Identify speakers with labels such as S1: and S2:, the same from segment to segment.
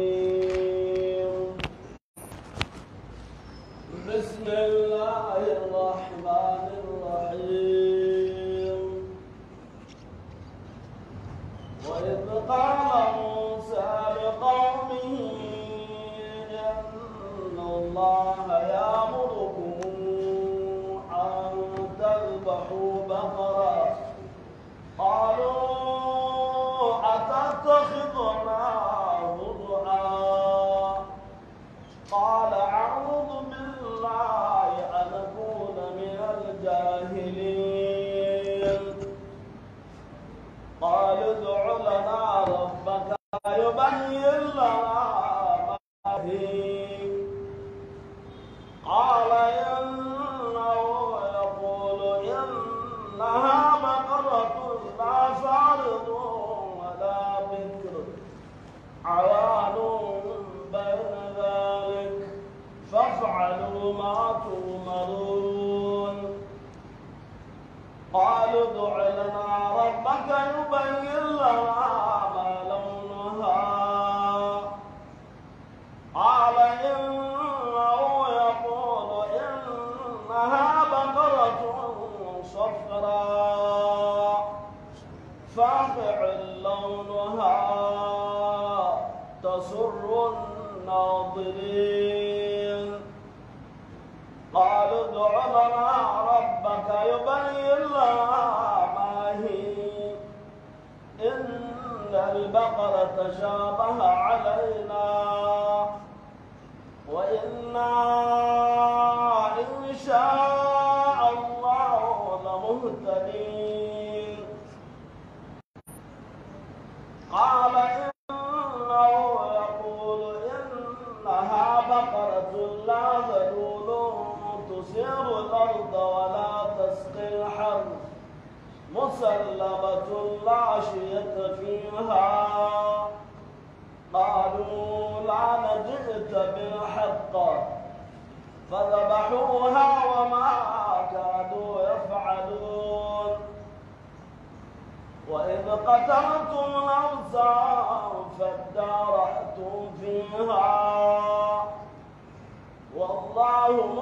S1: Hey.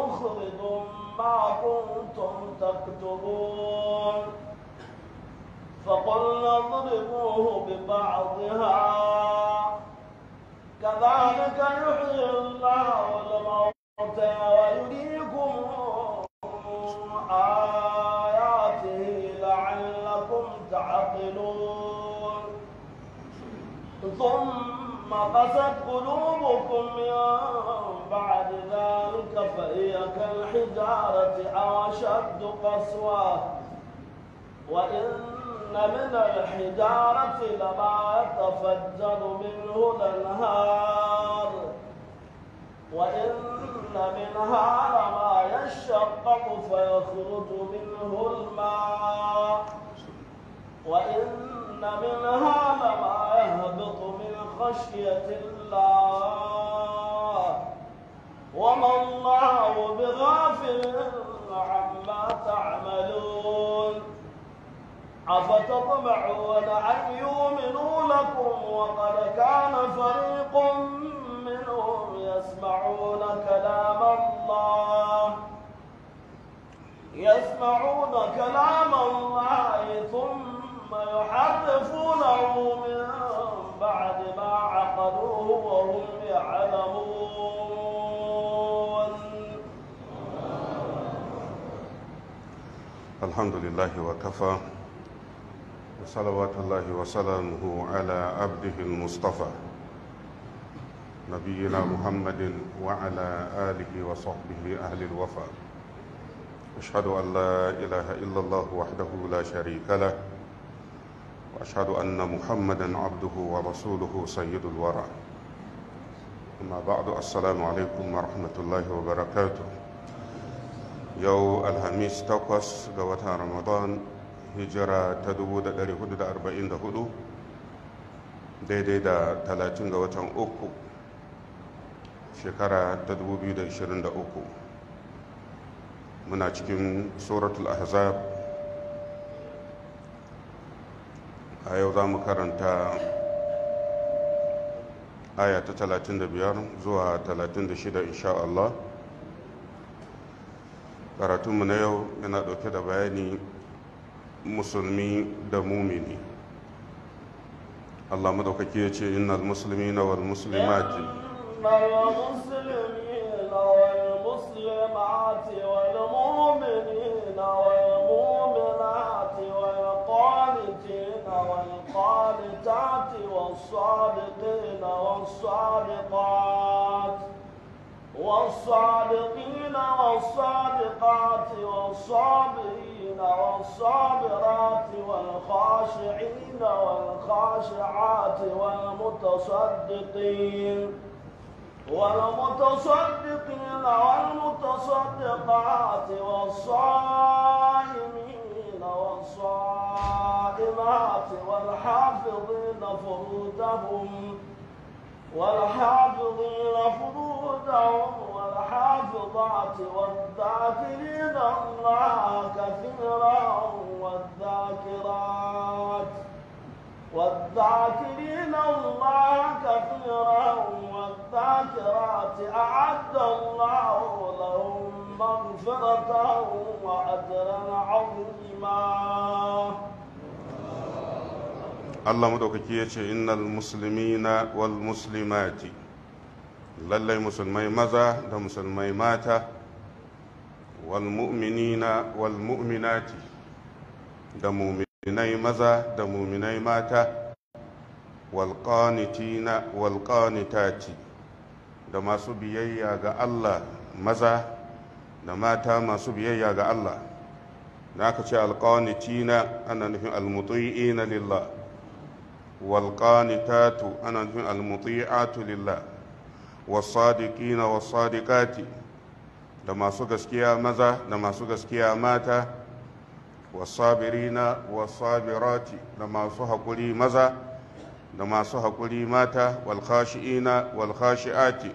S1: مخرج ما كنتم تكتبون فقلنا اضربوه ببعضها كذلك يحيي الله الموتى ويريكم آياته لعلكم تعقلون ثم ما قست قلوبكم يا بعد ذلك فهي كالحجارة أو أشد قسوة وإن من الحجارة لما يتفجر منه الأنهار وإن منها لما يشقق فيخرج منه الماء وإن منها لما يهبط خشية الله وما الله بغافل عما تعملون أفتطمعون أن يؤمنوا لكم وقد كان فريق منهم يسمعون كلام الله يسمعون كلام الله ثم يحرفونه من بعد ما عقلوه وهم يعلمون
S2: الحمد لله وكفى وصلوات الله وسلامه على عبده المصطفى نبينا محمد وعلى آله وصحبه أهل الوفا أشهد أن لا إله إلا الله وحده لا شريك له وأشهد أن محمدا عبده ورسوله سيد الورى أما بعد السلام عليكم ورحمة الله وبركاته يو الهميس توقس قوة رمضان هجرة تدبو دا داري هدو دا أربعين دا هدو دي دي دا تلاتين قوة أوكو شكرا تدبو بيو دا إشرين دا أوكو منا cikin suratul ahzab a yau za mu karanta aya ta 35 zuwa 36 insha Allah karatunmu na yau yana ɗauke da bayani musulmi da mumini Allah madaukaki ya ce innal muslimina wal muslimati
S1: والمسلمين والمسلمات والمؤمنين والمؤمنات بالطاعة والصادقين والصادقات والصادقين والصادقات والصابرين والصابرات والخاشعين والخاشعات والمتصدقين والمتصدقين والمتصدقات والصائمين والصائمين والقائمات والحافظين فروجهم والحافظين فروجهم والحافظات والذاكرين الله كثيرا والذاكرات والذاكرين الله كثيرا والذاكرات أعد الله لهم مغفرة وأجرا عظيما
S2: Allah madaukaki ya ce innal muslimina wal muslimati lallai musulmai maza da musulmai mata wal mu'minina wal da muminai maza da muminai mata wal qanitina wal da masu biyayya ga Allah maza da mata masu biyayya ga Allah na aka ce alƙanitina ana nufin almuti'ina lillah walƙanitatu ana nufin almuti'atu lillah wasadiqina wasadiqati da masu gaskiya maza da masu gaskiya mata na wasabirati da masu haƙuri maza da masu haƙuri mata walkhashi'ina walkhashi'ati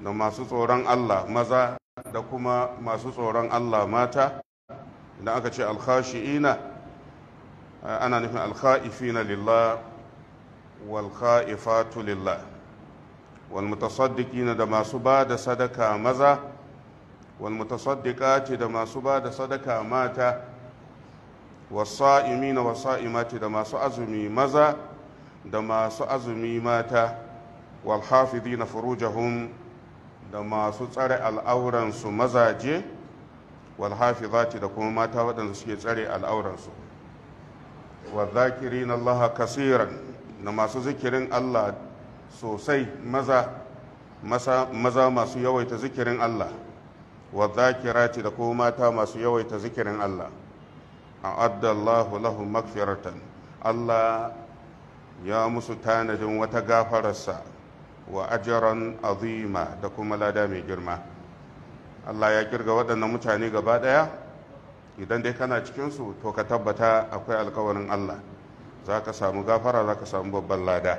S2: da masu tsoron Allah maza da kuma masu tsoron Allah mata idan aka ce alkhashi'ina eh, ana nufin alkha'ifina lillah wal kha'ifatu lillah wal mutasaddiqina da masu ba da sadaka maza wal mutasaddiqati da masu ba da sadaka mata wasa'imina wasa'imati da masu azumi maza da masu azumi mata wal hafidina furujahum da masu tsare al'auransu mazaje ce da kuma mata waɗanda suke tsare al'auransu wadzakirin allaha kasiran da masu zikirin allah sosai maza maza masu yawaita zikirin allah wadzakirati da kuma mata masu yawaita zikirin allah A addallahu lahu makfiratan allah ya musu tanadin wata gafararsa wa ajaran azima da kuma lada mai girma Allah ya kirga waɗannan mutane gaba ɗaya idan dai kana cikinsu to ka tabbata akwai alkawarin Allah za ka samu gafara za ka samu babban lada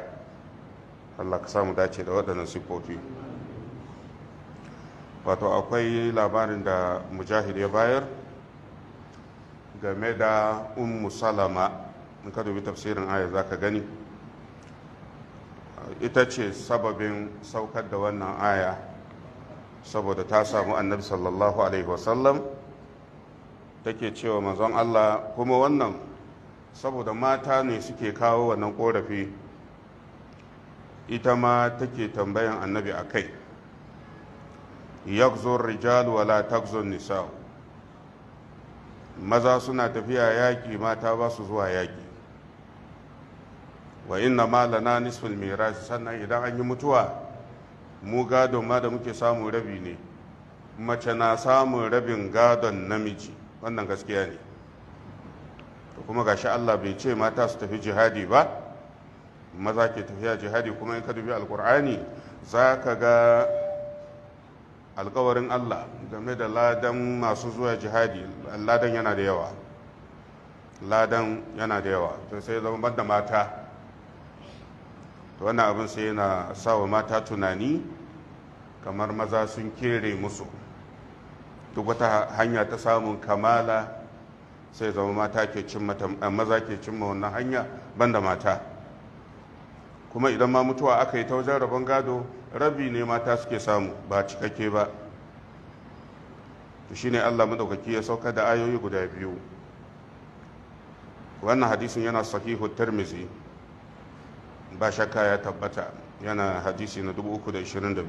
S2: Allah ka samu dace da waɗannan siffofi wato akwai labarin da mujahid ya bayar game da ummu salama in ka dubi tafsirin aya za ka gani ita ce sababin saukar da wannan aya saboda ta samu annabi sallallahu alaihi wasallam take cewa mazan Allah kuma wannan saboda mata ne suke kawo wannan korafi ita ma take tambayan annabi a kai yakzon rijal wala takzon nisa maza suna tafiya yaƙi mata ba su zuwa yaƙi wa inna ma lana nisful miras sannan idan an yi mutuwa mu gado ma da muke samun rabi ne mace na samun rabin gadon namiji wannan gaskiya ne to kuma gashi Allah bai ce mata su tafi jihadi ba maza ke tafiya jihadi kuma in ka dubi alkur'ani za ka ga alkawarin Allah game da ladan masu zuwa jihadi ladan yana da yawa ladan yana da yawa to sai zama banda mata to wannan abin sai yana sa wa mata tunani kamar maza sun kere musu duk wata hanya ta samun kamala sai zama mata ke cimma eh, maza ke cimma wannan hanya banda mata kuma idan ma mutuwa aka yi ta wajen rabon gado rabi ne mata suke samu ba cikakke ba to shine Allah madaukaki ya sauka da ayoyi guda biyu wannan hadisin yana sahihu tirmizi ba shakka ya tabbata yana hadisi na 322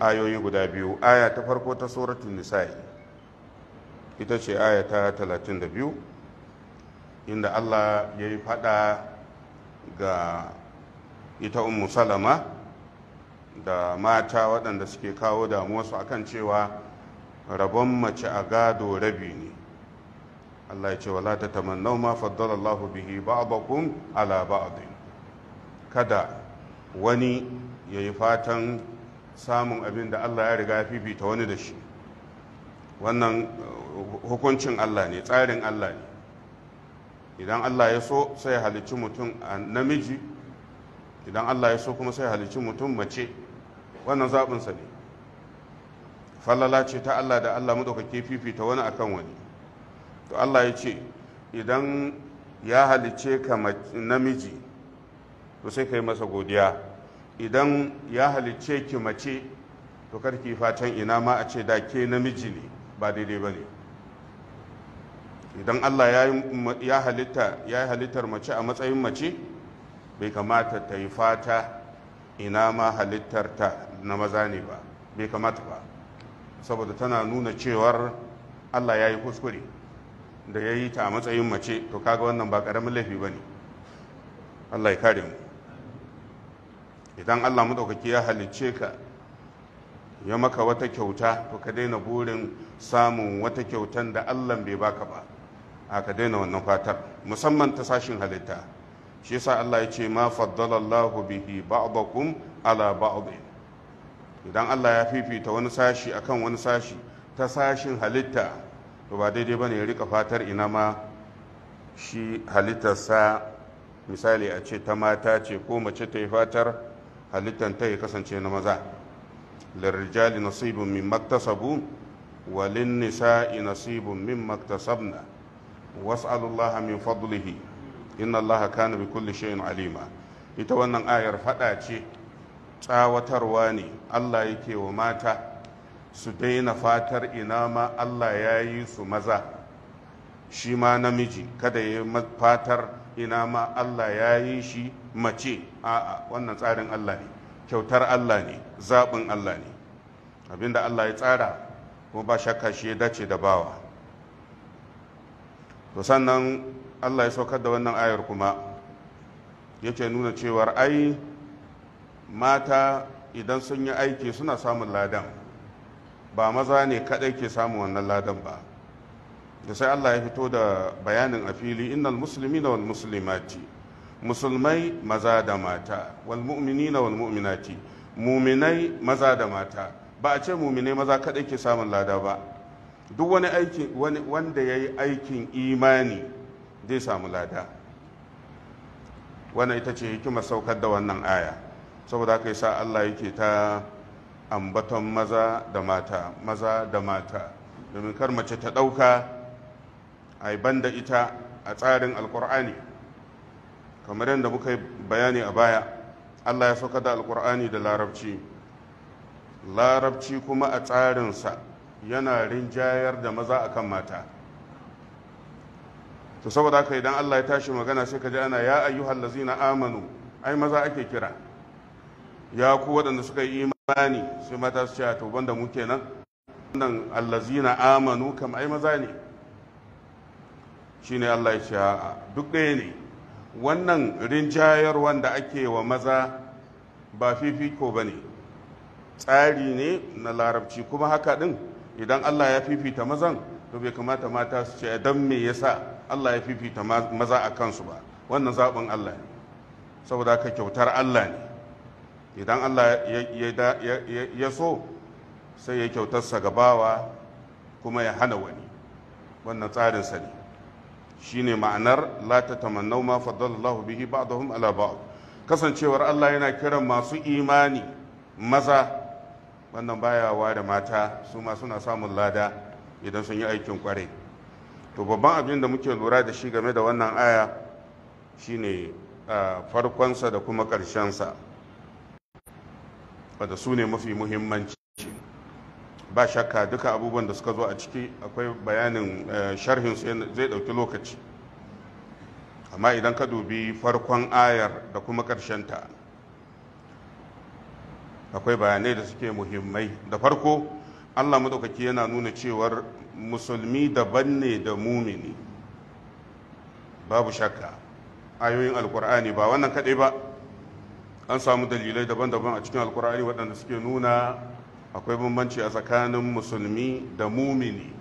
S2: ayoyi guda biyu aya ta farko ta tsoratun nisa'i ita ce aya ta 32 inda allah ya yi fada ga ita ummu salama da mata waɗanda suke kawo damuwarsu akan cewa rabon mace a gado rabi ne Allah ya ce wala ta tamannau ma faddala Allahu bihi ba'dakum ala ba'din kada wani ya yi fatan samun abin da Allah ya riga ya fifita wani da shi wannan uh, hukuncin Allah ne tsarin Allah ne idan Allah ya so sai halicci mutum a uh, namiji idan Allah ya so kuma sai halicci mutum mace wannan zaɓinsa ne falala ce ta Allah da Allah maɗaukake fifita wani akan wani to Allah ya ce idan ya halicce ka namiji to sai ka yi masa godiya idan ya halicce ki mace to ki fatan ina ma a ce da ke namiji ne ba daidai ba ne idan allah ya halitta ya halittar mace a matsayin mace bai kamata ta yi fata ina ma halittar ta na maza ne ba bai kamata ba saboda tana nuna cewar allah ya yi kuskure da ya yi ta a matsayin mace to kaga wannan ba ƙaramin laifi ba ne allah ya kare mu idan allah maɗaukaki ya halicce ka ya maka wata kyauta to ka daina burin samun wata kyautan da allah bai baka ba a ka daina wannan fatar musamman ta sashin halitta shi yasa allah ya ce ma faddala allahu bihi ba'dakum ala ba'd idan allah ya fifita wani sashi akan wani sashi ta sashin halitta to ba daidai bane ya rika fatar ina ma shi halittarsa misali a ce ta mata ce ko mace ta yi fatar halittan ta ya kasance na maza lirrijali nasibun min maktasabu walin nisa'i nasibun min maktasabna was'alullaha min fadlihi inna allaha kana bi kulli shay'in alima ita wannan ayar fada ce tsawatarwa ne Allah yake wa mata su daina fatar ina ma Allah ya yi su maza shi ma namiji kada ya fatar ina ma Allah ya yi shi mace a'a wannan tsarin Allah ne kyautar Allah ne zaɓin Allah ne abinda Allah ya tsara ko ba shakka shi ya dace da bawa to sannan Allah ya saukar da wannan ayar kuma yake nuna cewar ai mata idan sun yi aiki suna samun ladan ba maza ne kadai ke samun wannan ladan ba da sai Allah ya fito da bayanin a fili innal muslimina wal muslimati musulmai maza da mata wal na wal ce. muminai maza da mata ba a ce muminai maza kaɗai ke samun lada ba duk wani aiki wanda ya yi aikin imani zai samu lada wannan ita ce hikimar saukar da wannan aya saboda haka sa Allah yake ta ambaton maza da mata maza da mata domin kar mace ta ɗauka a da ita a tsarin alkur'ani kamar yadda muka yi bayani a baya allah ya sauka da alkur'ani da larabci larabci kuma a tsarinsa yana rinjayar da maza a kan mata to saboda haka idan allah ya tashi magana sai ka ji ana ya ayyuhal lazina amanu ai maza ake kira ya ku waɗanda suka yi imani sai mata su ce a to da mu kenan wannan allazina amanu kam ai maza ne shine allah ya ce duk ɗaya ne wannan rinjayar wanda ake wa maza ba fifiko ba ne tsari ne na larabci kuma haka ɗin idan allah ya fifita mazan to bai kamata mata su ce don me yasa allah ya fifita maza a kansu ba wannan zaɓin allah ne saboda ka kyautar allah ne idan allah ya so sai ya kyautarsa gabawa kuma ya hana wani wannan tsarinsa ne shine ma'anar la tatamannau ma faddalallahu bihi ba'dahum ala ba'd kasancewar Allah yana kiran masu imani maza wannan baya wa da mata su ma suna samun lada idan sun yi aikin kware to babban abin da muke lura da shi game da wannan aya shine farkonsa da kuma ƙarshensa wadda su ne mafi muhimmanci ba shakka duka abubuwan da suka zo a ciki akwai bayanin eh, sharhin su zai ɗauki lokaci amma idan ka dubi farkon ayar da kuma ta akwai bayanai da suke muhimmai da farko allah maɗaukaki yana nuna cewar musulmi daban ne da mumini babu shakka ayoyin alkur'ani ba wannan kaɗai ba an samu dalilai daban-daban a cikin alkur'ani waɗanda suke nuna akwai bambanci a tsakanin musulmi da mumini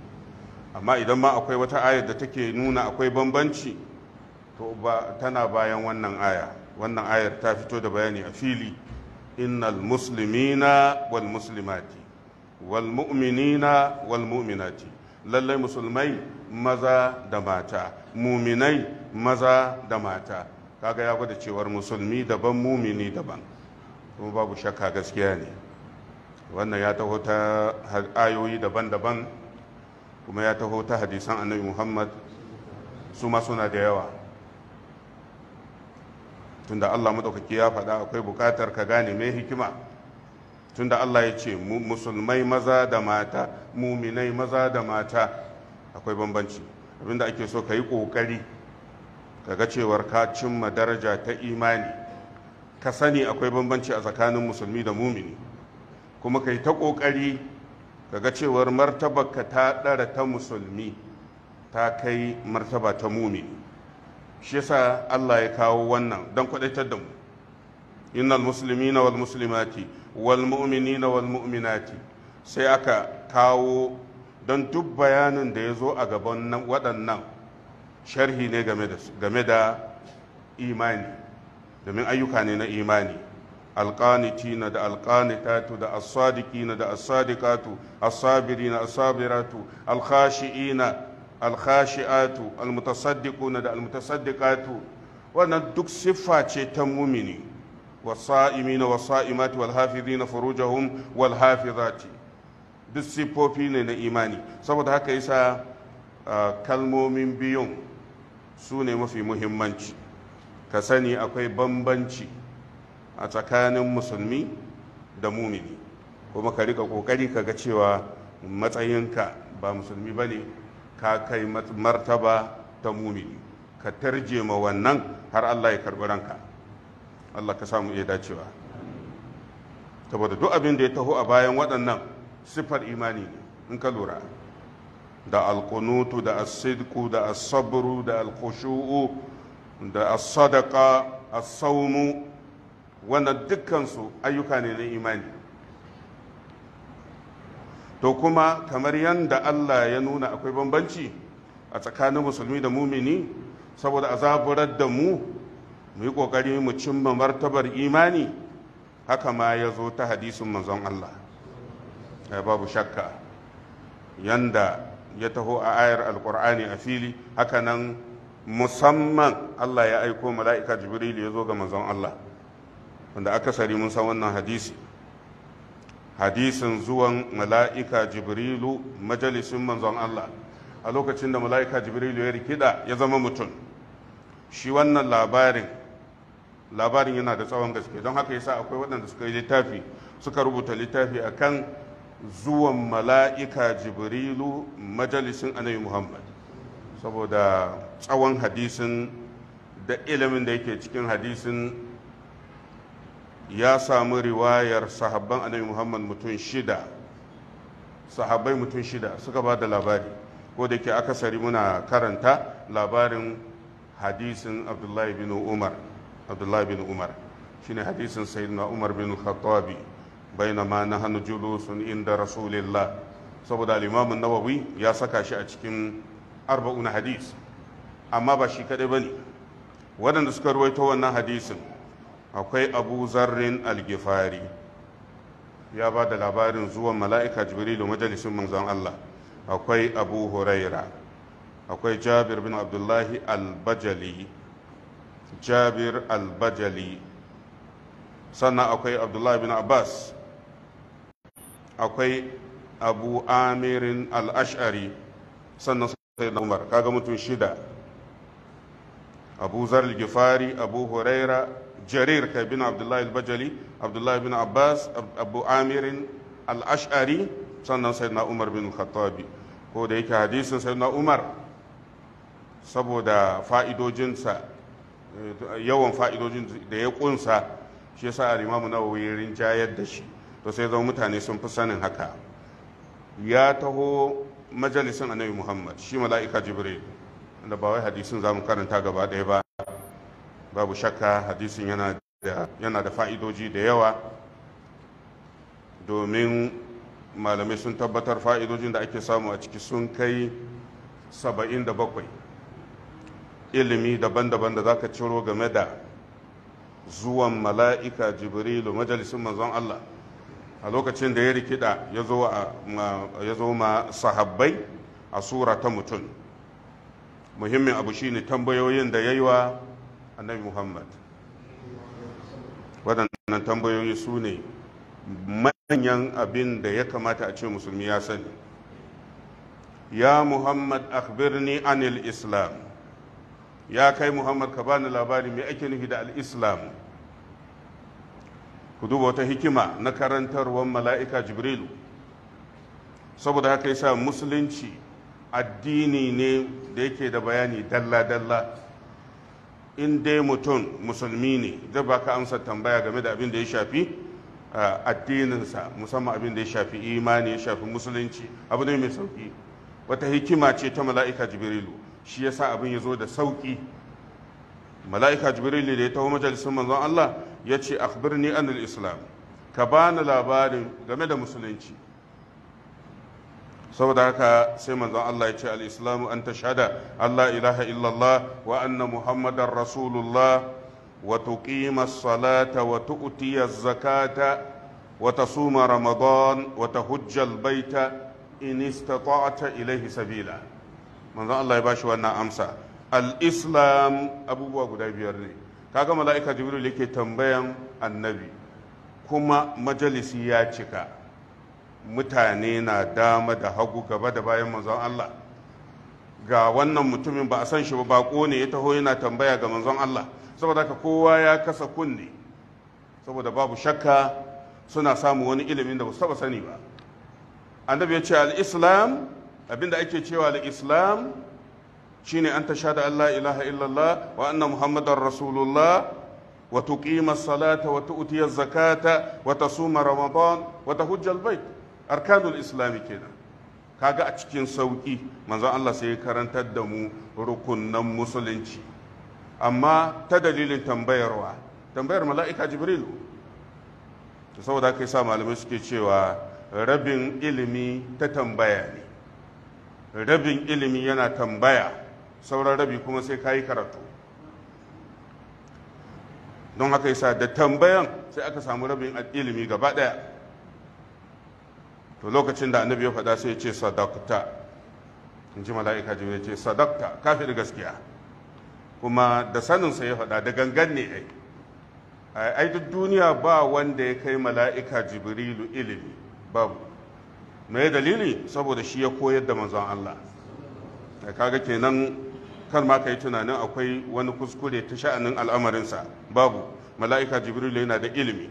S2: amma idan ma akwai wata ayar da take nuna akwai bambanci to ba tana bayan wannan aya wannan ayar ta fito da bayani a fili innal muslimina wal muslimati wal mu'minina wal mu'minati lallai musulmai maza da mata muminai maza da mata kaga ya gwada cewar musulmi daban mumini daban kuma babu shakka gaskiya ne wannan ya taho ta ayoyi daban-daban kuma ya taho ta hadisan annabi muhammad su ma suna da yawa tunda allah maɗaukaki ya faɗa akwai buƙatar ka gane mai hikima tunda allah ya ce musulmai maza da mata muminai maza da mata akwai bambanci abinda ake so ka yi ƙoƙari ka ga cewar ka cimma daraja ta imani ka sani akwai bambanci a tsakanin musulmi da mumini kuma kai ta ƙoƙari kaga cewar martabarka ta ɗara ta musulmi ta kai martaba ta mumini shi yasa Allah ya kawo wannan don kwadaitar da mu innal na wal musulmati wal na wal mu'minati sai aka kawo don duk bayanin da ya zo a gaban waɗannan sharhi ne game da imani domin ayyuka ne na imani alƙanitina da alƙanitatu da asadikina da asadikatu asabirina asabiratu alkhashi'ina alkhashi'atu almutasaddiquna da almutasaddiqatu wannan duk siffa ce ta mumini wasa'imina wasa'imati walhafizina furujahum walhafizati duk siffofi ne na imani saboda haka yasa kalmomin biyun su ne mafi muhimmanci ka sani akwai bambanci a tsakanin musulmi da mumini kuma ka rika kokari ka ga cewa matsayinka ba musulmi ba ne ka kai martaba ta mumini ka tarje ma wannan har allah ya karɓi ranka allah ka samu iya dacewa saboda duk abin da ya taho a bayan waɗannan siffar imani ne in ka lura da alkunutu da asidku da asabru da alkushu'u da asadaka saunu. wannan dukkansu ayyuka ne na imani to kuma kamar yadda Allah ya nuna akwai bambanci a tsakanin musulmi da mumini saboda a zaburar da mu mu yi ƙoƙari mu cimma martabar imani haka ma ya zo ta hadisin manzon Allah eh, babu shakka yanda ya taho a ayar alkur'ani a fili haka nan musamman Allah ya aiko mala'ika jibril ya zo ga manzon Allah wanda akasari mun san wannan hadisi hadisin zuwan mala'ika jibrilu majalisin manzon Allah a lokacin da mala'ika jibrilu ya rikida ya zama mutum shi wannan labarin labarin yana da tsawon gaske don haka yasa akwai waɗanda suka yi littafi suka rubuta littafi akan zuwan mala'ika jibrilu majalisin annabi muhammad saboda tsawon hadisin da ilimin da yake cikin hadisin ya samu riwayar sahabban annabi muhammad mutum shida sahabbai mutum shida suka ba da labari ko da ke akasari muna karanta labarin hadisin abdullahi bin umar abdullahi bin umar shine hadisin sayyidina umar bin khattabi hannu nahnu julusun inda rasulillah saboda limamin nawawi ya saka shi a cikin arba'un hadis amma ba shi kadai bane waɗanda suka ruwaito wannan hadisin akwai abu zarrin algifari ya ba da labarin zuwan mala'ika jibrilu majalisun manzon Allah akwai abu huraira akwai jabir bin abdullahi albajali jabir albajali sannan akwai abdullahi bin abbas akwai abu amirin al'ashari sannan sai na umar kaga mutum shida abu zar gifari abu huraira jarir kai bin abdullahi al-bajali abdullahi bin abbas abu amirin al-ash'ari sannan sai na umar bin khattabi ko da yake hadisin sai na umar saboda fa'idojinsa eh, yawan fa'idojin da ya ƙunsa shi yasa al-imamu nawawi rinjayar da shi to sai zama mutane sun fi sanin haka ya taho majalisin annabi muhammad shi mala'ika jibril da ba wai hadisin zamu karanta gaba ɗaya ba babu shakka hadisin yana da fa'idoji da yawa domin malamai sun tabbatar fa'idojin da ake samu a ciki sun kai saba'in da bakwai ilimi daban-daban da za ka ciro game da zuwan mala'ika jibrilu majalisun manzon Allah a lokacin da ya rikida ya zo ma sahabbai a sura ta mutum muhimmin abu shine tambayoyin da ya yi wa annabi muhammad waɗannan tambayoyi su ne manyan abin da ya kamata a ce musulmi ya sani ya muhammad akhbirni anil islam ya kai muhammad ka bani labari mai ake nufi da al-islam ku duba wata hikima na karantarwar mala'ika jibrilu saboda haka yasa musulunci addini ne da yake da bayani dalla-dalla in dai mutum musulmi ne zai baka amsa tambaya game da abin da ya shafi addininsa musamman abin da ya shafi imani ya shafi musulunci abu ne mai sauki wata hikima ce ta mala'ika jibrilu shi yasa abin ya zo da sauki mala'ika jibrilu da ya taho majalisun manzon Allah ya ce akhbirni anil islam ka bani labarin game da musulunci saboda haka sai manzon Allah ya ce al-islamu an tashhada Allah ilaha illallah wa anna muhammadar rasulullah wa tuqima salata wa tu'tiya zakata wa tasuma ramadan wa tahujja al-baita in istata'ta ilayhi sabila manzon Allah ya bashi wannan amsa al-islam abubuwa guda biyar ne kaga mala'ika jibril yake tambayan annabi kuma majalisi ya cika mutane na dama da hagu gaba da bayan manzon Allah ga wannan mutumin ba a san shi ba bako ne ya taho yana tambaya ga manzon Allah saboda ka kowa ya kasa kunne saboda babu shakka suna samu wani ilimin da ba su taba sani ba annabi ya ce al-islam abinda ake cewa al-islam shine an tasha da Allah ilaha illallah wa anna muhammadar rasulullah وتقيم zakata وتؤتي الزكاة ramadan رمضان hujjar bait arkanul islami kenan kaga a cikin sauki manzon Allah sai ya karantar da mu rukunnan musulunci amma ta dalilin tambayarwa tambayar mala'ika jibrilu saboda kai sa malamai suke cewa rabin ilimi ta tambaya ne rabin ilimi yana tambaya sauran rabi kuma sai ka yi karatu don haka yasa da tambayan sai aka samu rabin ilimi gaba ɗaya to lokacin da annabi ya faɗa sai ya ce sadakta in ji mala'ika jibril ce sadakta kafin gaskiya kuma da saninsa ya faɗa da gangan ne ai ai duk duniya ba wanda ya kai mala'ika jibrilu ilimi babu mai dalili saboda shi ya koyar da manzon Allah kaga kenan kan ma kai tunanin akwai wani kuskure ta sha'anin al'amarinsa babu mala'ika jibrilu yana da ilimi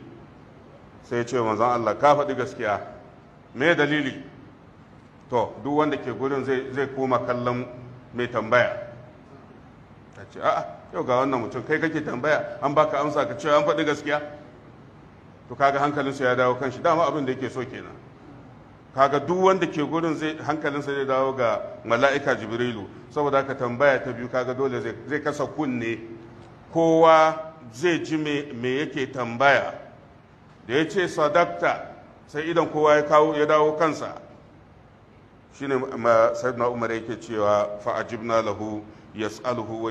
S2: sai ya ce manzon Allah ka faɗi gaskiya me dalili to duk wanda ke gurin zai koma kallon mai tambaya ta ce a'a yau ga wannan mutum kai kake tambaya an baka amsa ka cewa an faɗi gaskiya to kaga hankalinsa ya dawo kanshi dama abin da yake so kenan kaga duk wanda ke gurin zai hankalinsa zai dawo ga mala'ika jibrilu saboda haka tambaya ta biyu kaga dole zai kasa kunne kowa zai ji me yake tambaya da ya ce sadakta sai idan kowa ya kawo ya dawo kansa shine sayyidina umar yake cewa fa ajibna lahu yas'aluhu wa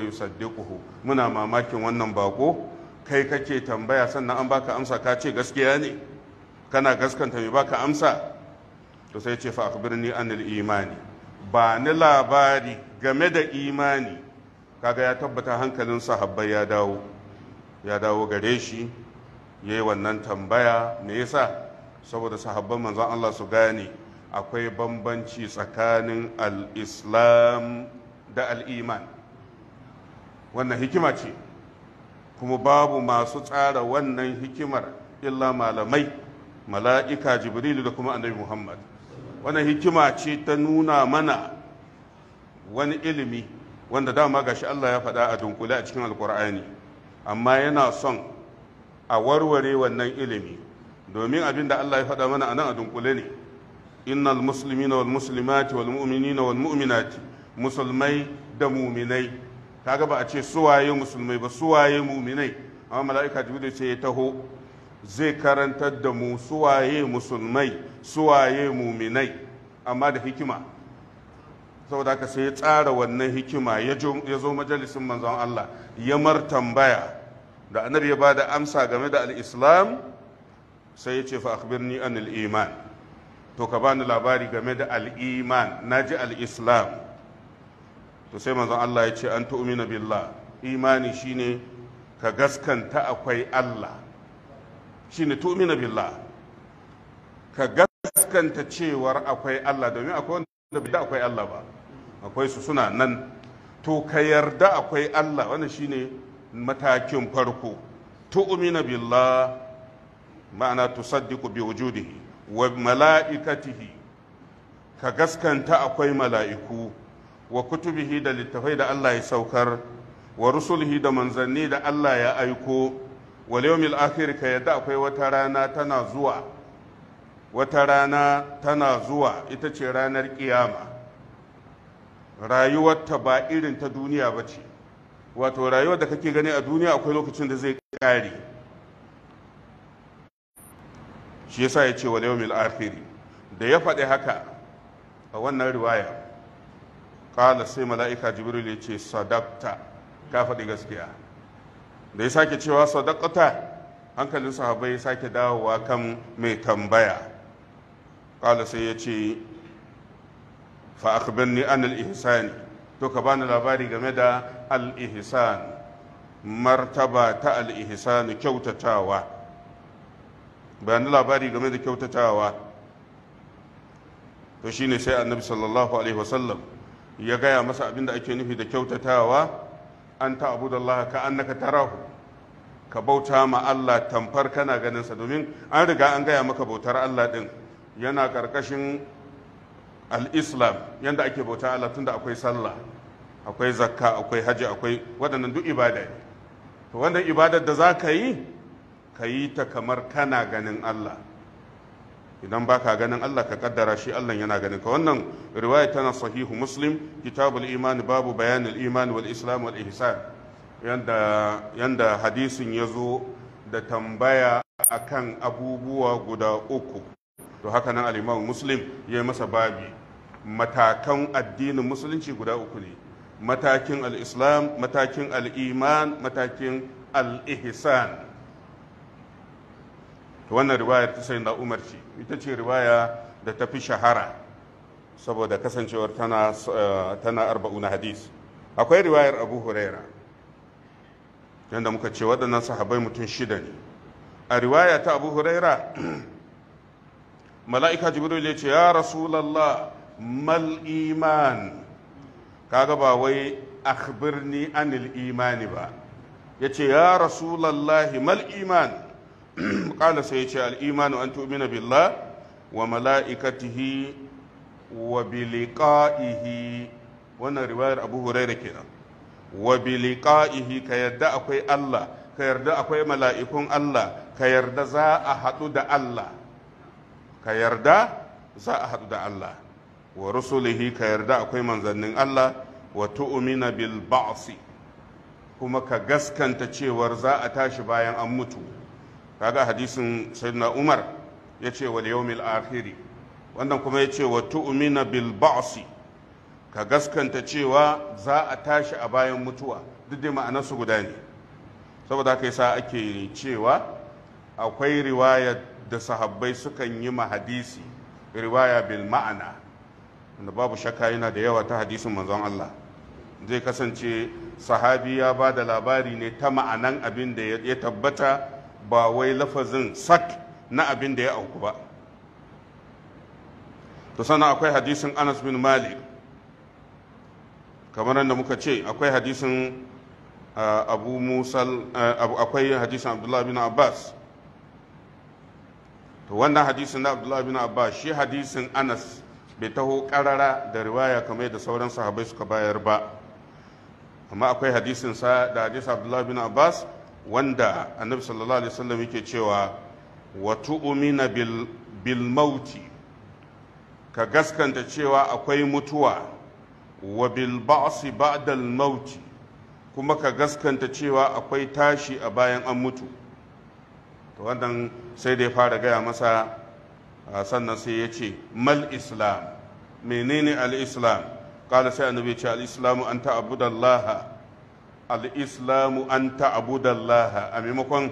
S2: kuhu. muna mamakin wannan bako kai kake tambaya sannan an baka amsa ka ce gaskiya ne kana gaskanta mai baka amsa to sai ce fa akhbirni anil imani ba ni labari game da imani kaga ya tabbata hankalin sahabbai ya dawo ya dawo gare shi yayi wannan tambaya me yasa saboda sahabban manzan Allah su gane akwai bambanci tsakanin al-islam da al wannan hikima ce kuma babu masu tsara wannan hikimar illa malamai mala'ika jibrilu da kuma annabi muhammad wannan hikima ce ta nuna mana wani ilimi wanda dama shi Allah ya faɗa a dunkule a cikin alkur'ani amma yana son a warware wannan ilimi domin abin da Allah ya faɗa mana a nan a dunkule ne innal muslimina wal muslimati wal musulmai da muminai kaga ba a ce suwaye musulmai ba suwaye muminai amma mala'ika jibril ce ya taho zai karantar da mu suwaye musulmai suwaye muminai amma da hikima saboda haka sai ya tsara wannan hikima ya zo majalisin manzon Allah ya mar tambaya da annabi ya bada amsa game da al-islam sai ya ce fa akhbirni anil iman to ka bani labari game da al-iman naji al-islam to sai manzon Allah ya ce an tu'mina billah imani shine ka gaskanta akwai Allah shine tu'mina billah ka gaskanta cewar akwai Allah domin akwai wanda bai da akwai Allah ba akwai su suna nan to ka yarda akwai Allah wannan shine matakin farko tu'mina billah ma'ana tusaddiqu bi wujudihi wa mala'ikatihi ka gaskanta akwai mala'iku wa kutubihi da littafai da Allah ya saukar wa rusulihi da manzanni da Allah ya aiko wa yawmil akhir ka yadda akwai wata rana tana zuwa wata rana tana zuwa ita ce ranar kiyama rayuwarta ba irin ta duniya ba ce wato rayuwar da kake gani a duniya akwai lokacin da zai kare shi yasa ya ce wa yawmil akhiri da ya faɗi haka a wannan riwaya kala sai mala'ika jibril ya ce sadakta ka faɗi gaskiya da ya sake cewa sadakta hankalin sahabai ya sake dawowa kan mai tambaya kala sai ya ce fa ni an al to ka bani labari game da al martaba ta al kyautatawa bayan labari game da kyautatawa to shine sai annabi sallallahu alaihi wasallam ya gaya masa abin da ake nufi da kyautatawa an ta abu ka annaka tarahu ka bauta ma Allah tamfar kana ganinsa domin an riga an gaya maka bautar Allah din yana karkashin al-islam yanda ake bauta Allah tunda akwai sallah akwai zakka akwai haji akwai waɗannan duk ibada ne to wannan ibadar da za ka yi ka yi ta kamar kana ganin Allah idan ba ka ganin Allah ka kaddara shi Allah yana ganin ka wannan riwaya tana sahihu muslim kitabul iman babu bayanul iman wal islam wal ihsan yanda yanda hadisin ya zo da tambaya akan abubuwa guda uku to haka nan al-imam muslim ya yi masa babi matakan addinin musulunci guda uku ne matakin al-islam matakin al-iman matakin al-ihsan to wannan riwayar ta sayyidina Umar ce ita ce riwaya da ta fi shahara saboda kasancewar tana eh, tana arba'una hadis akwai riwayar Abu Huraira Yadda muka ce waɗannan sahabbai mutum shida ne a riwaya ta Abu Huraira mala'ika Jibril ya ce ya Rasulullah mal iman kaga ba wai akhbirni anil imani ba yace ya rasulallahi mal iman kala sai ya ce al'imanu an tu'mina billah wa mala'ikatihi wa biliqa'ihi wannan riwayar abu huraira kenan wa biliqa'ihi ka yarda akwai Allah ka yarda akwai mala'ikun Allah ka yarda za a haɗu da Allah ka yarda za a haɗu da Allah wa rusulihi ka yarda akwai manzannin Allah wa tu'mina bil ba'si kuma ka gaskanta cewar za a tashi bayan an mutu kaga hadisin sayyidina umar ya ce wal yawmil akhiri wannan kuma ya ce wa tu'mina bil ba'si ka gaskanta cewa za a tashi a bayan mutuwa duk da ma'anar su guda ne saboda haka yasa ake cewa akwai riwaya da sahabbai sukan yi ma hadisi riwaya bil ma'ana wanda babu shakka yana da yawa ta hadisin manzon Allah zai kasance sahabi ya ba da labari ne ta ma'anan abin da ya tabbata ba wai lafazin sak na abin da ya auku ba to sana akwai hadisin anas bin malik kamar da muka ce akwai hadisin uh, abu musal uh, akwai hadisin abdullahi bin abbas to wannan hadisin na abdullahi bin abbas shi hadisin anas bai taho karara da riwaya kamar da sauran sahabai suka bayar ba amma akwai hadisin sa da hadisin abdullahi bin abbas wanda annabi sallallahu alaihi wasallam yake cewa wa tu'mina bil bil mauti ka gaskanta cewa akwai mutuwa wa bil ba'si ba'da al mauti kuma ka gaskanta cewa akwai tashi a bayan an mutu to wannan sai dai fara gaya masa sannan sai ya ce mal islam menene al islam kala sai annabi ya ce al islamu an ta'budallaha al-islamu an ta'budallaha a maimakon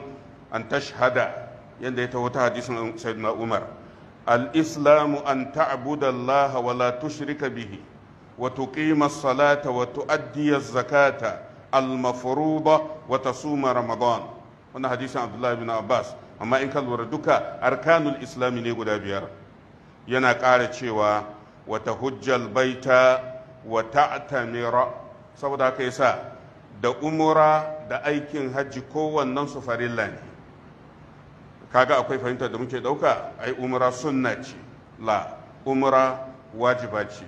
S2: an tashhada yanda ya taho ta hadisin sayyidina Umar Al'islamu islamu an ta'budallaha wa la tushrika bihi wa tuqima as-salata wa tuaddi zakata al-mafruḍa wa tasuma ramadan wannan hadisin Abdullah bin Abbas amma in ka lura duka arkanul islami ne guda biyar yana ƙara cewa wata hujjal baita wa ta'tamira saboda haka yasa da umura da aikin hajji kowannen su farilla ne kaga akwai fahimtar da muke dauka ai umura sunna ce la umura wajiba ce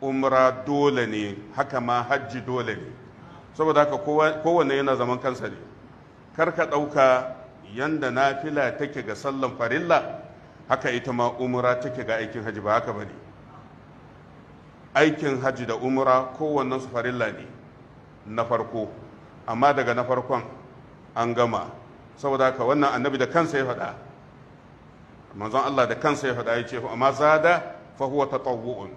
S2: umura dole ne haka ma hajji dole ne saboda haka kowanne yana zaman kansa ne kar ka dauka yanda fila take ga sallan farilla haka ita ma umura take ga aikin hajji ba haka bane aikin hajji da umura kowannen su farilla ne na farko amma daga na farkon an gama saboda haka wannan annabi da kansa ya faɗa manzon Allah da kansa ya faɗa ya ce amma zada fa huwa tatawwu'un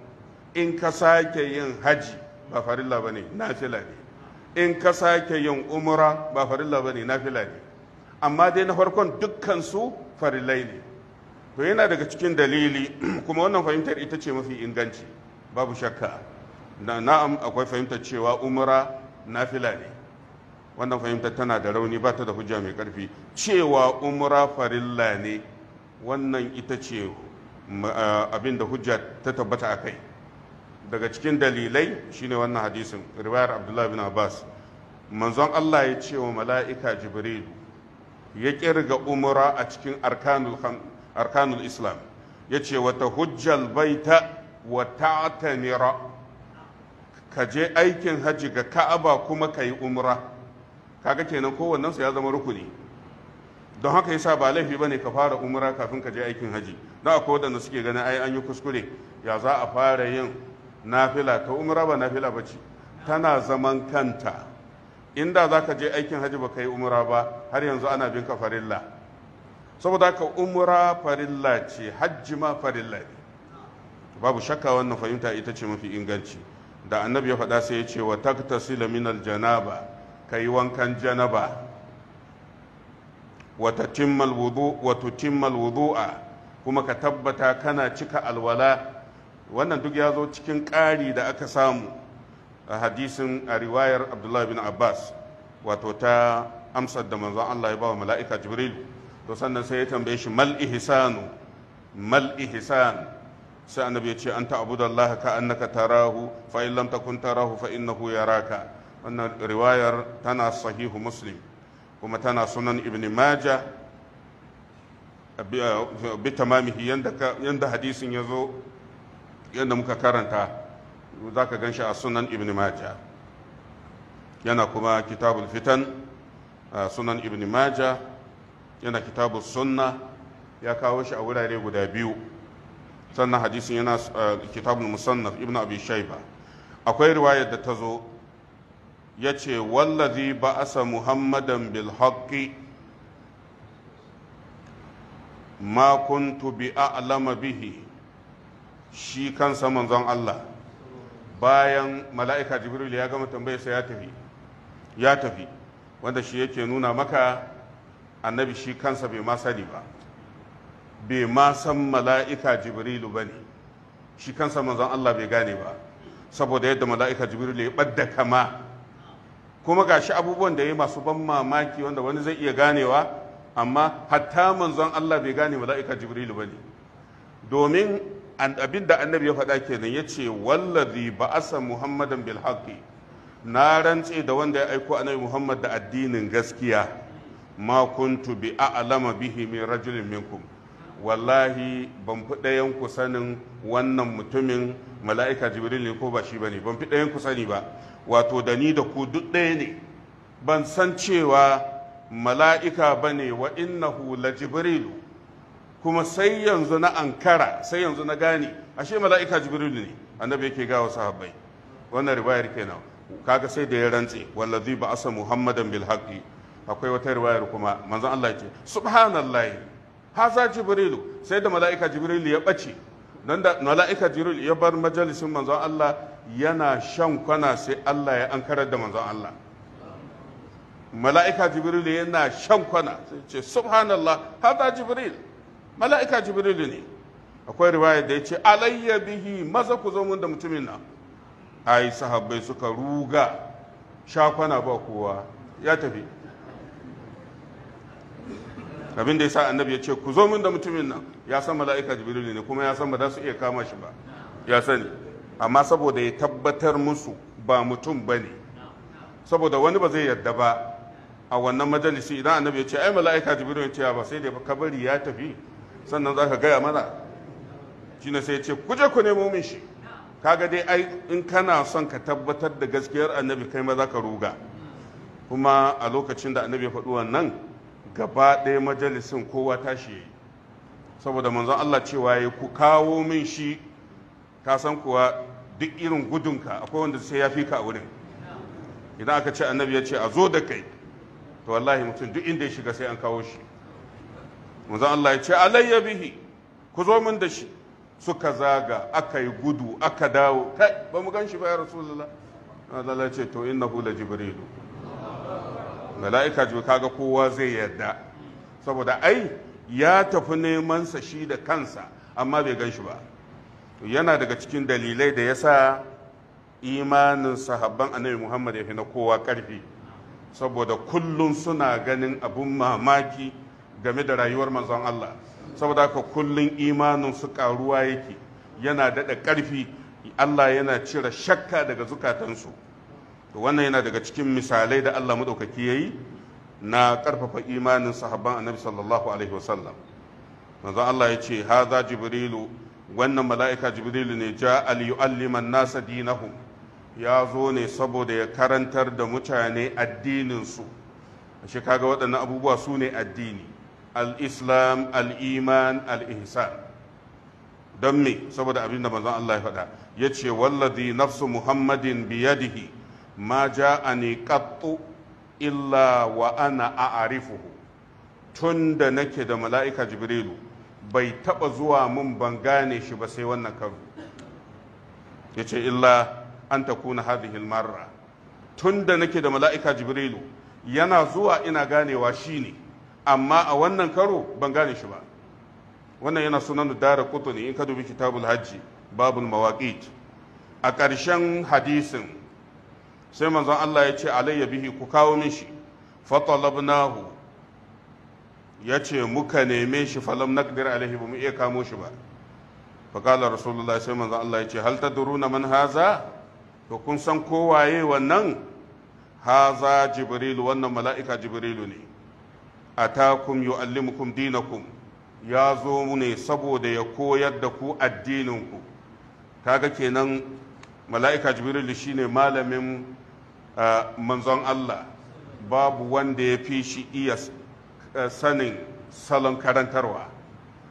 S2: in ka sake yin haji ba farilla bane nafila ne in ka sake yin umra ba farilla bane nafila ne amma dai na farkon dukkan su farillai ne to yana daga cikin dalili kuma wannan fahimtar ita ce mafi inganci babu shakka na'am akwai fahimtar cewa umra nafila ne wannan fahimtar tana da rauni ba ta da hujja mai karfi cewa umra farilla ne wannan ita ce abin da hujja ta tabbata a kai daga cikin dalilai shine wannan hadisin riwayar abdullahi bin abbas manzon allah ya ce wa mala'ika jibrilu ya kirga umra a cikin arkanul islam ya ce wata hujjal baita wa ta'tamira ka je aikin hajji ga ka'aba kuma ka yi umra kaga kenan su ya zama rukuni don haka yasa ba laifi ba ne ka fara umra kafin ka je aikin hajji don akwai waɗanda suke ganin ai an yi kuskure ya za a fara yin nafila ta umra ba nafila ba ce tana zaman kanta inda za ka je aikin hajji ba ka yi umra ba har yanzu ana bin ka farilla saboda ka umra farilla ce hajji ma farilla ne babu shakka wannan fahimta ita ce mafi inganci da annabi ya faɗa sai ya ce wa taktasila janaba ka yi wankan janaba wa wa tutimmal wudu'a kuma ka tabbata kana cika alwala wannan duk ya zo cikin ƙari da aka samu a hadisin a riwayar abdullahi bin abbas wato ta amsar da manzon allah ya ba wa mala'ika jibril to sannan sai ya tambaye shi mal ihsanu mal ihsanu sai annabi ya ce an ta'budu Allah ka annaka tarahu fa in lam takun tarahu fa innahu yaraka wannan riwayar tana sahihu muslim kuma tana sunan ibn majah bi eh, tamamihi yanda hadisin ya zo, yanda muka karanta za zaka ganshi a sunan ibn majah yana kuma kitabul fitan sunan ibn majah yana kitabul sunna ya kawo shi a wurare guda biyu sannan hadisin yana eh, kitabun musannaf ibn abi shayba akwai riwaya da ta zo ya ce wallazi ba'asa muhammadan bil haqqi ma kuntu bi a'lama bihi shi kansa manzon Allah bayan mala'ika jibril ya gama tambayar sa ya tafi ya tafi wanda shi yake nuna maka annabi shi kansa bai ma sani ba bai ma san mala'ika jibrilu ba ne shi kansa manzon Allah bai gane ba saboda yadda mala'ika jibrilu ya ɓadda kama kuma ga shi abubuwan da ya masu ban mamaki wanda wani zai iya ganewa amma hatta manzon Allah bai gane mala'ika jibrilu ba ne domin abin da annabi ya faɗa kenan ya ce wallazi ba'asa muhammadan bil na rantse da wanda ya aiko annabi muhammad da addinin gaskiya ma kuntu bi a'lama bihi min rajulin minkum wallahi ban fi ɗayan ku sanin wannan mutumin mala'ika jibril ne ko ba shi ba ne ban fi ɗayan ku sani ba wato da ni da ku duk ɗaya ne ban san cewa mala'ika ba ne wa innahu la Jibril kuma sai yanzu na ankara sai yanzu na gane ashe mala'ika jibril ne annabi yake gawa sahabbai wannan riwayar kenan kaga sai da ya rantse wallazi ba asa muhammadan bil akwai wata riwayar kuma manzon Allah ya ce subhanallahi haza jibrilu sai da mala'ika jibrilu ya ɓace nan da mala'ika jibrilu ya bar majalisin manzon Allah yana shan kwana sai Allah ya ankarar da manzon Allah mala'ika jibrilu yana shan kwana sai ce subhanallah haza jibril mala'ika jibrilu ne akwai riwaya da ya ce alayya bihi maza ku zo mun da mutumin nan ai sahabbai suka ruga sha kwana ba kowa ya tafi abin da ya sa annabi ya ce ku zo min da mutumin nan ya san mala'ika jibril ne kuma ya san ba za su iya kama shi ba ya sani amma saboda ya tabbatar musu ba mutum ba saboda wani ba zai yarda ba a wannan majalisi idan annabi ya ce ai mala'ika jibril ya ce ba sai dai kabari ya tafi sannan za ka gaya mana shine sai ya ce ku je ku nemo min shi kaga dai ai in kana son ka tabbatar da gaskiyar annabi kai ma za ka ruga kuma a lokacin da annabi ya faɗi wannan gaba ɗaya majalisin kowa tashi yi saboda manzon Allah cewa ya ku kawo min shi ka san kuwa duk irin gudunka akwai wanda sai ya fi ka a wurin idan aka ce annabi ya ce a zo da kai to wallahi mutum duk inda ya shiga sai an kawo shi manzon Allah ya ce alayya bihi ku zo min da shi suka zaga aka yi gudu aka dawo kai ba mu gan shi ba ya rasulullah Allah ya ce to innahu la jibrilu mala'ika ji kaga kowa zai yarda saboda ai ya tafi neman sa shi da kansa amma bai gan shi ba yana daga cikin dalilai da ya sa imanin sahabban annabi Muhammad ya fi na kowa karfi saboda kullum suna ganin abun mamaki game da rayuwar manzon Allah saboda haka kullum imanin su karuwa yake yana daɗa ƙarfi Allah yana cire shakka daga zukatansu wannan yana daga cikin misalai da Allah ya yi na karfafa imanin sahabban annabi sallallahu alaihi wasallam manzo Allah ya ce haza jibrilu wannan mala'ika jibrilu ne ja al yu'allima nasa dinahum ya zo ne saboda ya karantar da mutane addinin su shi kaga waɗannan abubuwa su ne addini al-islam al-iman al-ihsan don me saboda abin da manzon Allah ya faɗa ya ce wallazi nafsu muhammadin biyadihi ma ja'ani qattu illa wa ana a'rifuhu tun da nake da mala'ika jibrilu bai taba zuwa mun ban gane shi ba sai wannan karo yace illa an takuna hadhihi marra tun da nake da mala'ika jibrilu yana zuwa ina ganewa shine amma a wannan karo ban gane shi ba wannan yana sunan dara kutuni in ka dubi kitabul hajji babul mawaqit a ƙarshen hadisin sai manzon Allah ya ce alayya bihi ku kawo min shi fatalabnahu ya ce muka neme shi falam naqdir alaihi bamu iya kamo shi ba faqala rasulullahi sai manzon Allah ya ce hal tadruna man haza to kun san kowaye wannan haza jibril wannan mala'ika jibrilu ne atakum yu'allimukum dinakum ya zo ne saboda ya koyar da ku addininku kaga kenan mala'ika jibrilu shine malamin Eh, manzon Allah babu wanda ya fi shi iya eh, sanin salon karantarwa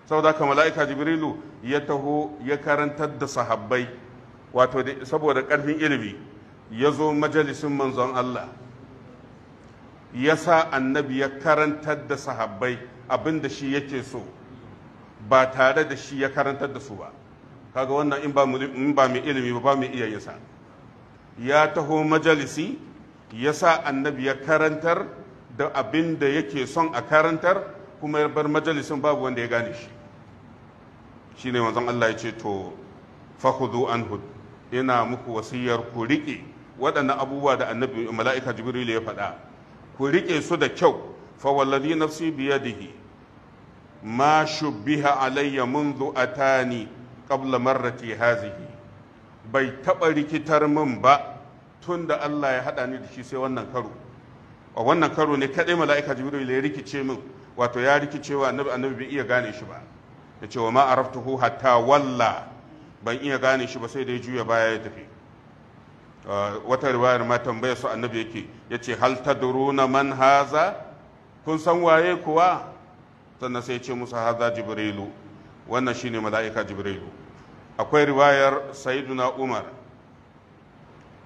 S2: saboda haka mala'ika jibrilu ya taho ya karantar da sahabbai wato saboda ƙarfin ilimi ya zo majalisin manzon Allah ya sa annabi ya karantar da sahabbai abinda shi yake so ba tare da shi ya karantar da su ba kaga wannan in ba mai ilimi ba mai iya ya taho majalisi ya sa annabi ya karantar da abin da yake son a karantar kuma ya bar majalisin babu wanda ya gane shi shi ne wanzan Allah ya ce to fahudu hud ina muku wasiyar ku riƙe waɗannan abubuwa da annabi mala'ika jibril ya faɗa ku riƙe su da kyau fa wallazi nafsi biyadihi ma shubbiha alayya ni ƙabla قبل ke hazihi bai taɓa rikitar min ba tun da Allah ya haɗa ni da shi sai wannan karo a wannan karo ne kaɗai mala'ika jibril ya rikice min wato ya rikice wa annabi annabi bai iya gane shi ba ya ce wa ma araftuhu hatta walla ban iya gane shi ba sai da ya juya baya ya tafi wata riwayar ma tambaya su annabi yake ya ce hal tadruna man haza kun san waye kuwa sannan sai ya ce musu haza jibrilu wannan shine mala'ika jibrilu akwai riwayar sayyiduna umar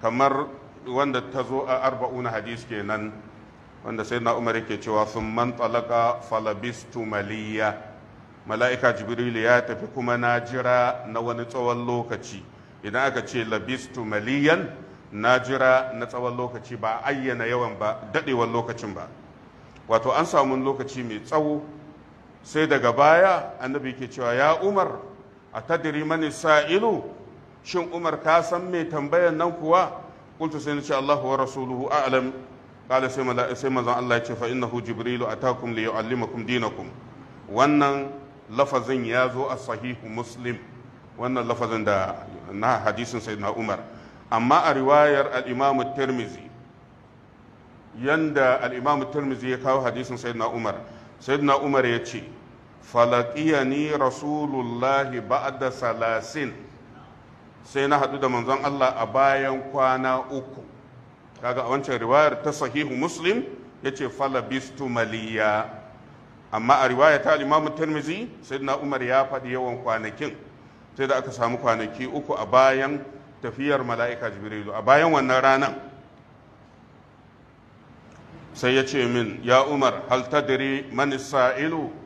S2: kamar wanda ta zo a arba'una hadis kenan wanda sayyiduna umar yake cewa sun man talaka falabistu maliya mala'ika jibril ya tafi kuma na jira na wani tsawon lokaci idan aka ce labistu maliyan na jira na tsawon lokaci ba ayyana yawan ba daɗewan lokacin ba wato an samu lokaci mai tsawo sai daga baya annabi ke cewa ya umar a tadiri mani sa'ilu shin umar ka san mai tambayan nan kuwa kultu sai nace Allahu wa rasuluhu a'lam qala sai mala'ika sai manzon Allah ya ce fa innahu jibrilu atakum li yu'allimakum dinakum wannan lafazin ya zo a sahihu muslim wannan lafazin da na hadisin sayyidina umar amma a riwayar al-imam at-tirmidhi yanda al-imam at ya kawo hadisin sayyidina umar sayyidina umar ya ce ni rasulullahi ba'da salasin sai na hadu da manzon Allah a bayan kwana uku kaga wancan riwayar ta sahihu muslim yace falabistu maliya amma a riwaya ta imam tirmizi sayyidina umar ya faɗi yawan kwanakin sai da aka samu kwanaki uku a bayan tafiyar mala'ika jibrilu a bayan wannan ranan sai ya ce min ya umar hal tadri man sa'ilu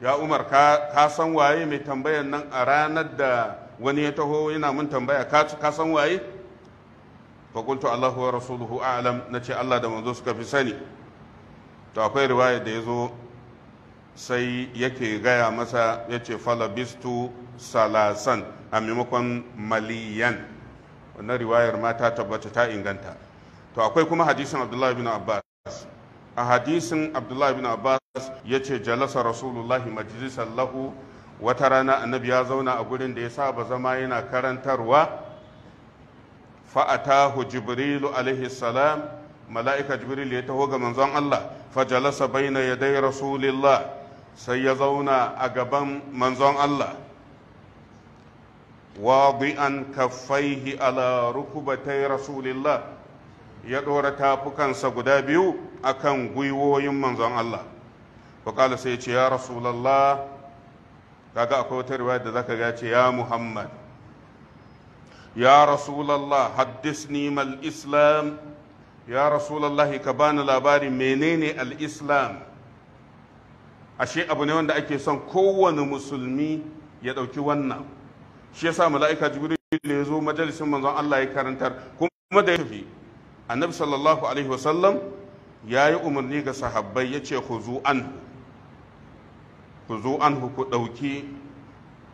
S2: ya umar ka san waye mai tambayan nan a ranar da wani ya taho yana mun tambaya ka san waye fakuntu allahu wa rasuluhu a'lam na ce allah da manzo suka fi sani to akwai riwaya da ya zo sai yake gaya masa ya ce falabistu salasan a maimakon maliyan wannan riwayar ma ta tabbata ta inganta to akwai kuma hadisin abdullahi bin abbas a hadisin abdullahi bin abbas ya ce jalasa rasulullahi majalisar lahu wata rana annabi ya zauna a gurin da ya saba zama yana karantarwa fa'atahu jibrilu alaihi salam mala'ika jibril ya taho ga manzon allah Fa jalasa baina ya dai rasulillah sai ya zauna a gaban manzon allah wadi'an kaffaihi ala rukubatai rasulillah ya ɗora tafukansa guda biyu akan gwiwoyin manzon Allah faƙala sai ce ya rasulallah kaga akwai wata riwaya da zaka ga ce ya muhammad ya rasulallah haddisni mal islam ya rasulallah ka bani labari menene al islam ashe abu ne wanda ake son kowane musulmi ya ɗauki wannan shi yasa mala'ika jibril ya zo majalisin manzon Allah ya karantar kuma da yake annabi sallallahu alaihi wasallam ya yi umarni ga sahabbai ya ce ku zo an ku ɗauki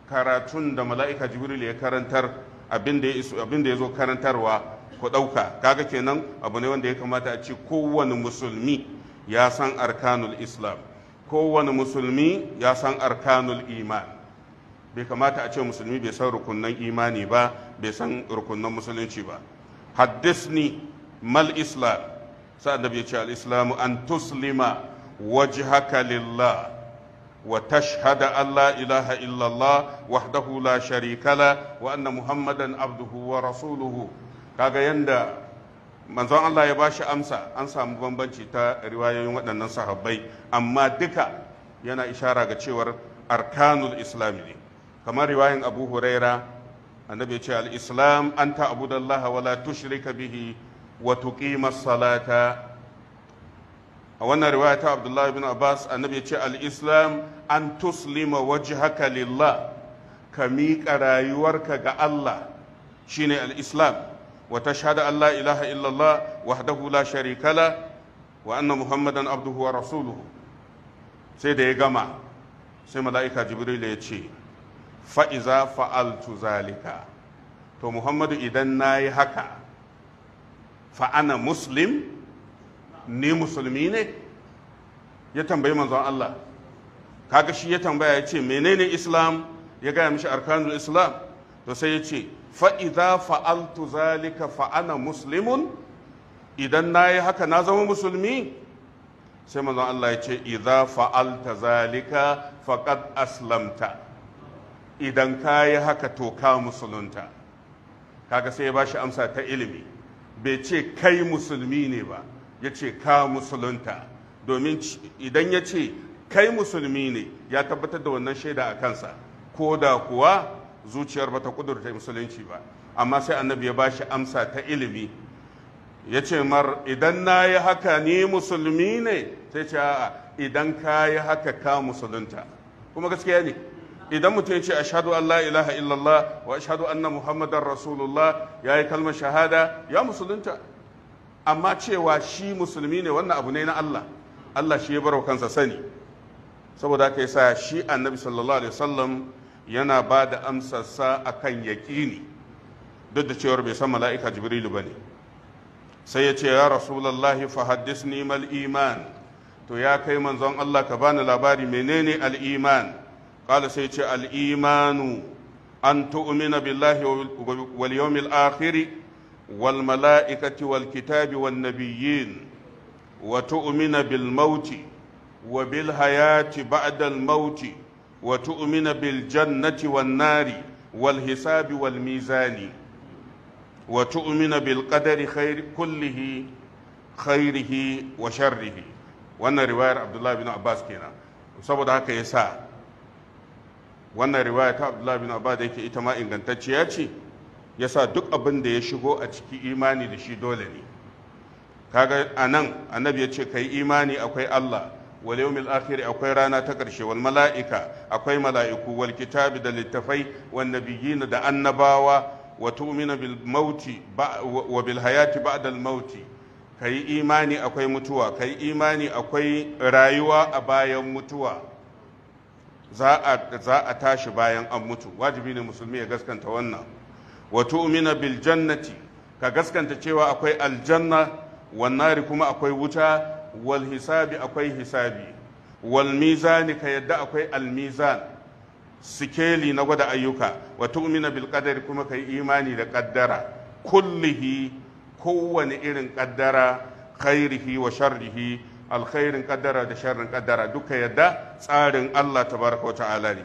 S2: karatun da mala'ika jibril ya karantar abin ya zo karantarwa ku ɗauka kaga kenan abu ne wanda ya kamata a ce kowane musulmi ya san arkanul islam kowane musulmi ya san arkanul iman bai kamata a ce musulmi bai san rukunnan imani ba bai san rukunnan musulunci ba haddisni mal islam Sa'ad da ce an tuslima wajhaka lillah wa tashhada Allah ilaha illallah wahdahu la sharikala la wa anna muhammadan abduhu wa rasuluhu kaga yanda manzon Allah ya bashi amsa an samu bambanci ta riwayoyin waɗannan sahabbai amma duka yana ishara ga cewar arkanul islam ne kamar riwayan abu huraira annabi ya ce al-islam anta abudallaha wala tushrika bihi Watuƙi tuqima a wannan riwayata ta Abdullahi bin Abbas annabi ya ce al-islam an tuslima haka lilla ka miƙa rayuwarka ga Allah shine al-islam wa tashhadu an la ilaha illallah wahdahu la sharika la wa anna muhammadan abduhu wa rasuluhu sai da ya gama sai mala'ika jibril ya ce fa'iza fa'altu zalika to muhammadu idan na yi haka fa ana ni musulmi ne ya tambayi manzon Allah kaga shi ya tambaya ya ce menene islam ya gaya mishi arkanul islam to sai ya ce fa'iza fa'altu zalika fa'ana muslimun idan na yi haka na zama musulmi sai manzon Allah ya ce iza fa'alta zalika faƙad aslamta idan ka yi haka to ka musulunta kaga sai ya ba shi amsa ta ilimi bai ce kai musulmi ne ba ya ce ka musulunta domin idan ya ce kai musulmi ne ya tabbatar da wannan shaida a kansa ko da kuwa zuciyar bata kudurta musulunci ba amma sai annabi ya ba shi amsa ta ilimi ya ce mar idan na yi haka ni musulmi ne sai ce a'a idan ka yi haka ka musulunta kuma gaskiya ne idan mutum ya ce ashadu an la ilaha illallah wa ashadu anna muhammadan rasulullah ya yi kalmar shahada ya musulunta amma cewa shi musulmi ne wannan abu ne na Allah Allah shi ya barwa kansa sani saboda haka yasa shi annabi sallallahu alaihi wasallam yana ba da amsarsa akan yaƙini duk da cewar bai san mala'ika jibrilu bane sai ya ce ya rasulullahi fa haddisni mal iman to ya kai manzon Allah ka bani labari menene al iman قال سيتي الإيمان أن تؤمن بالله واليوم الآخر والملائكة والكتاب والنبيين وتؤمن بالموت وبالحياة بعد الموت وتؤمن بالجنة والنار والحساب والميزان وتؤمن بالقدر خير كله خيره وشره wannan riwayar abdullahi bin abbas kenan saboda haka ya sa wannan riwaya ta abdullahi bin abba da yake ita ma ingantacciya ce ya sa duk abin da ya shigo a ciki imani da shi dole ne kaga a nan annabi ya ce ka yi imani akwai allah wal yawmil akhir akwai rana ta karshe wal mala'ika akwai mala'iku wal kitabi da littafai wan nabiyyin da annabawa wa tu'mina bil mauti wa bil hayati ba'da al mauti kai imani akwai mutuwa kai imani akwai rayuwa a bayan mutuwa za a tashi bayan an mutu wajibi ne musulmi ya gaskanta wannan wa tu'mina bil jannati ka gaskanta cewa akwai aljanna wan nari kuma akwai wuta wal hisabi akwai hisabi wal mizani ka yadda akwai al mizan sikeli na gwada ayyuka wa tu'mina bil qadari kuma kai imani da qaddara kullihi kowane irin qaddara khairihi wa sharrihi alkhairin kaddara da sharrin kaddara duka yadda tsarin Allah Ta baraka ta'ala ne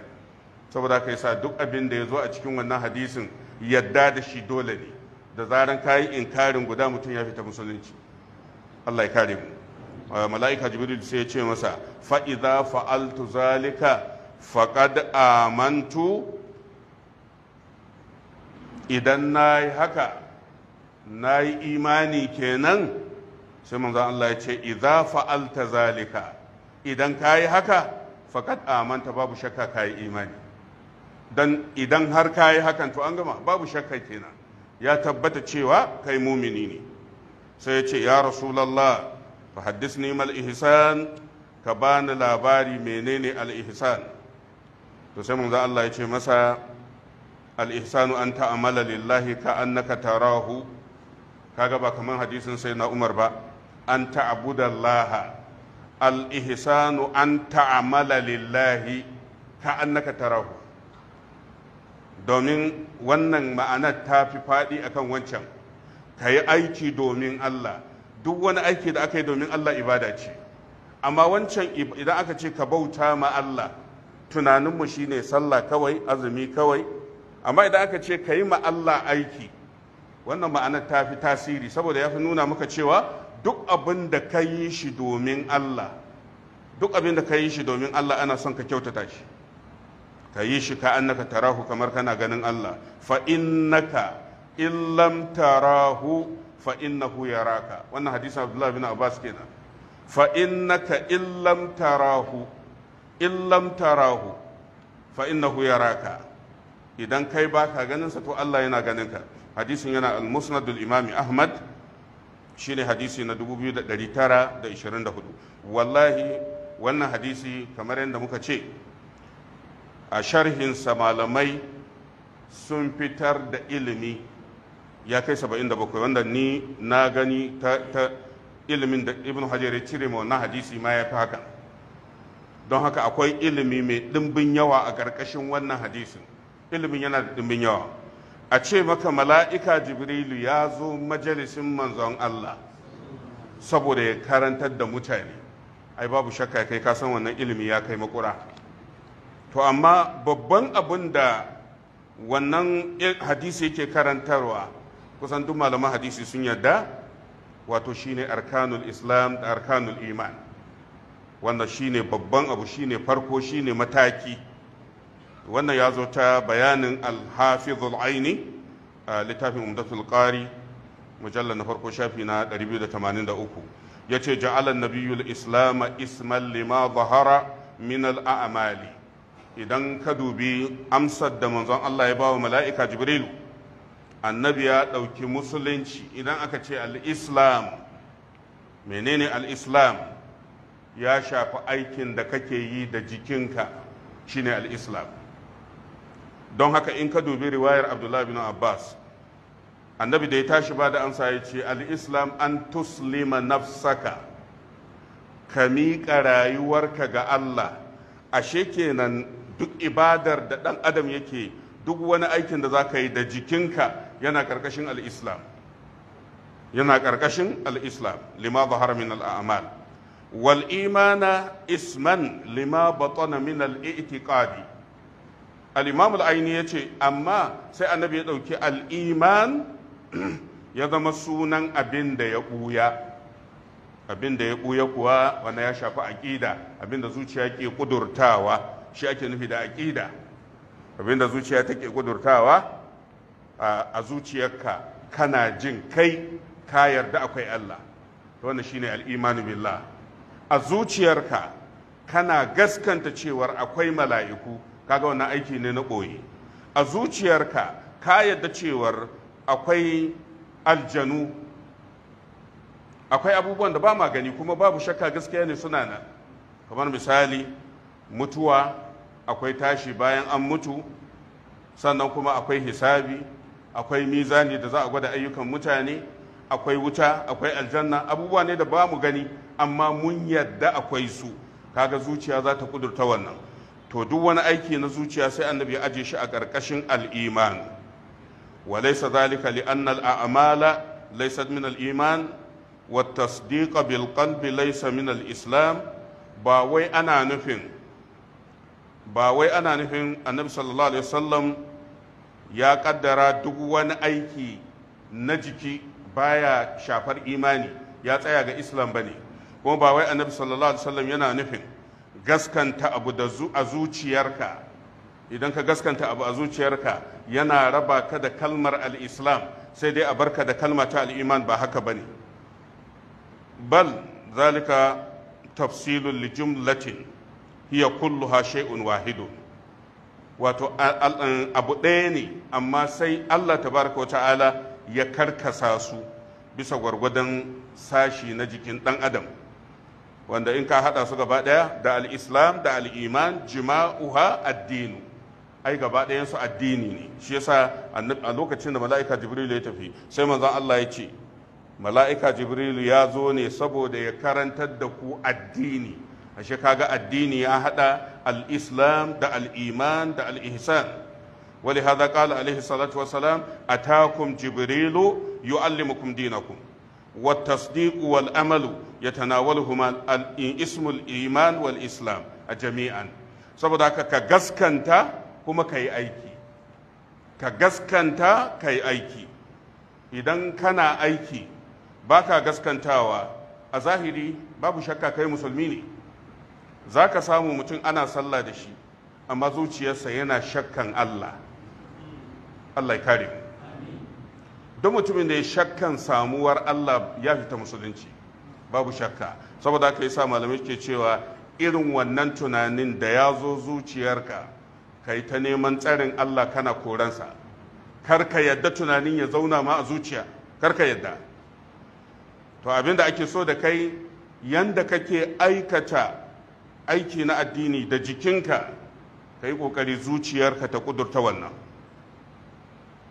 S2: saboda ka yasa duk abin da ya zo a cikin wannan hadisin yadda da shi dole ne da zaran kayi inkarin guda mutum ya fita musulunci Allah ya kare mu ah, mala'ika jibril sai ya ce masa fa idza fa'altu zalika faqad amantu idan nayi haka nayi imani kenan sai manzon Allah ya ce idza fa'alta zalika idan kayi haka faqad amanta babu shakka kayi imani dan idan har kayi hakan to an gama babu shakka kenan ya tabbata cewa kai mumini ne sai ya ce ya rasulullah fa haddisni mal ihsan ka bani labari menene al ihsan to sai manzon Allah ya ce masa al-ihsanu an ta'amala lillahi ka annaka tarahu kaga ba kamar hadisin sai na Umar ba an ta'budallaha al-ihsanu an ta'amala lillahi ka ta rahu. domin wannan ma'anar ta fi faɗi akan wancan ka yi aiki domin Allah duk wani aiki da aka yi domin Allah ibada ce amma wancan idan aka ce ka bauta ma Allah tunaninmu shi ne sallah kawai azumi kawai amma idan aka ce ka yi ma Allah aiki wannan ma'anar ta fi tasiri saboda ya fi nuna maka cewa duk abin da ka yi shi domin Allah duk abin da ka yi shi domin Allah ana son ka kyautata shi ka yi shi ka annaka tarahu kamar kana ganin Allah fa innaka illam tarahu fa innahu yaraka wannan hadisin Abdullah bin Abbas kenan fa innaka illam tarahu illam tarahu fa innahu yaraka idan kai baka ganin sa to Allah yana ganin ka hadisin yana al-musnadul imami Ahmad shine hadisi na 2924 wallahi wannan hadisi kamar yadda muka ce a sharhinsa malamai sun fitar da ilimi ya kai 77 wanda ni na gani ta, ilimin da ibn hajar ya cire ma hadisi ma ya fi haka don haka akwai ilimi mai dimbin yawa a ƙarƙashin wannan hadisin ilimin yana da ɗimbin yawa a ce maka mala'ika jibrilu ya zo majalisin manzon Allah saboda ya karantar da mutane ai babu shakka ya kai ka san wannan ilimi ya kai makura to amma babban abin da wannan hadisi yake karantarwa kusan duk malaman hadisi sun yarda wato shine arkanul islam da arkanul iman wannan shine babban abu shine farko shine mataki wannan ya zo ta bayanin alhafizul aini a littafin umdatul qari mujallar na farko shafi na 283 yace ja'alan nabiyul islam isman lima zahara min al'amali idan ka dubi amsar da manzon Allah ya bawa mala'ika jibrilu annabi ya ɗauki musulunci idan aka ce al'islam menene al'islam ya shafi aikin da kake yi da jikinka shine al-islam don haka in ka dubi riwayar abdullahi bin abbas annabi da ya tashi ba da amsa ya ce al'islam an tuslima nafsaka ka miƙa rayuwarka ga allah ashe kenan duk ibadar da ɗan adam yake duk wani aikin da za ka yi da jikinka yana ƙarƙashin al'islam yana ƙarƙashin al'islam lima zahara min al'amal wal imana isman lima batana min al'i'tiqadi al-imam al-aini yace amma sai annabi ya ɗauki al ya zama sunan abin da ya buya abin da ya buya kuwa wanda ya shafi aqida abin da zuciya ke kudurtawa shi ake nufi da aƙida. abin da zuciya take kudurtawa a zuciyarka kana jin kai ka yarda akwai Allah wannan shine al-imanu billah a zuciyarka kana gaskanta cewar akwai mala'iku kaga wannan aiki ne na ɓoye a zuciyarka ka yadda cewar akwai aljanu akwai abubuwan da ba ma gani kuma babu shakka gaskiya ne suna nan kamar misali mutuwa akwai tashi bayan an mutu sannan kuma akwai hisabi akwai mizani da za a gwada ayyukan mutane akwai wuta akwai aljanna abubuwa ne da ba mu gani amma mun yadda akwai su kaga zuciya za ta kudurta wannan to duk wani aiki na zuciya sai annabi ya aje shi a ƙarƙashin al'iman wa zalika li anna al'amala laysat min al'iman wa tasdiq bil qalbi laysa min islam ba wai ana nufin ba wai ana nufin annabi sallallahu alaihi wasallam ya kaddara duk wani aiki na jiki baya shafar imani ya tsaya ga islam bane kuma ba wai annabi sallallahu alaihi wasallam yana nufin gaskanta abu da a zuciyarka idan ka gaskanta abu a zuciyarka yana raba ka da kalmar al'islam sai dai a barka da kalmar ta al'iman ba haka ba ne. bal zalika tafsilun lijim latin hiya kulluha shay'un wahidu wato abu ɗaya ne amma sai Allah tabaraka ta'ala ya karkasa su bisa gwargwadon sashi na jikin ɗan adam wanda in ka haɗa su gaba ɗaya da al-islam da al-iman jima'uha addinu ai gaba ɗayan su addini ne shi yasa a lokacin da mala'ika jibrilu ya tafi sai manzon Allah ya ce mala'ika jibrilu ya zo ne saboda ya karantar da ku addini ashe kaga addini ya haɗa al-islam da al-iman da al-ihsan ولهذا قال عليه الصلاة والسلام أتاكم جبريل يعلمكم دينكم والتصديق والأمل يتناولهما اسم الإيمان والإسلام جميعا saboda haka ka gaskanta kuma ka yi aiki ka gaskanta ka yi aiki idan kana aiki ba ka gaskantawa a zahiri babu shakka kai musulmi ne za ka samu mutum ana sallah da shi amma zuciyarsa yana shakkan allah allah ya kare mu don mutumin da ya shakkan samuwar Allah ya fita musulunci babu shakka saboda aka yi sa malamai ke cewa irin wannan tunanin da ya zo zuciyarka kai ta neman tsarin Allah kana koransa kar ka yadda tunanin ya zauna ma a zuciya kar ka yadda to abin da ake so da kai yanda kake aikata aiki na addini da jikinka ka yi ƙoƙari zuciyarka ta ƙudurta wannan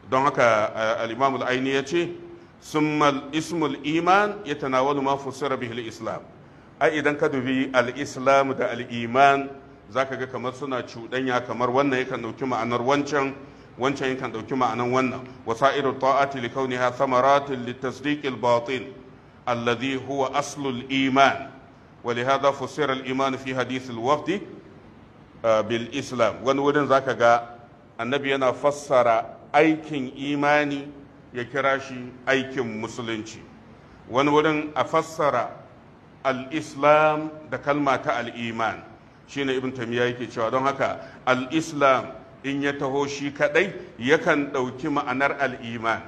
S2: don haka eh, al'imamul imam al-aini ya ce summal ismul iman ya tanawalu ma fassara bihi islam ai idan ka dubi al-islam da al-iman zaka ga kamar suna cuɗanya kamar wannan yakan dauki ma'anar wancan wancan yakan dauki ma'anar wannan wasa'iru ta'ati li kauniha thamaratun li tasdiqil batin alladhi huwa aslul iman fi فسر wafdi eh, bil islam wani wurin zaka ga annabi yana fassara. aikin imani ya kira shi aikin musulunci wani wurin a fassara al-islam da kalma ta al-iman ne ibn tamiya yake cewa don haka al-islam in ya taho shi kadai yakan ɗauki ma'anar al-iman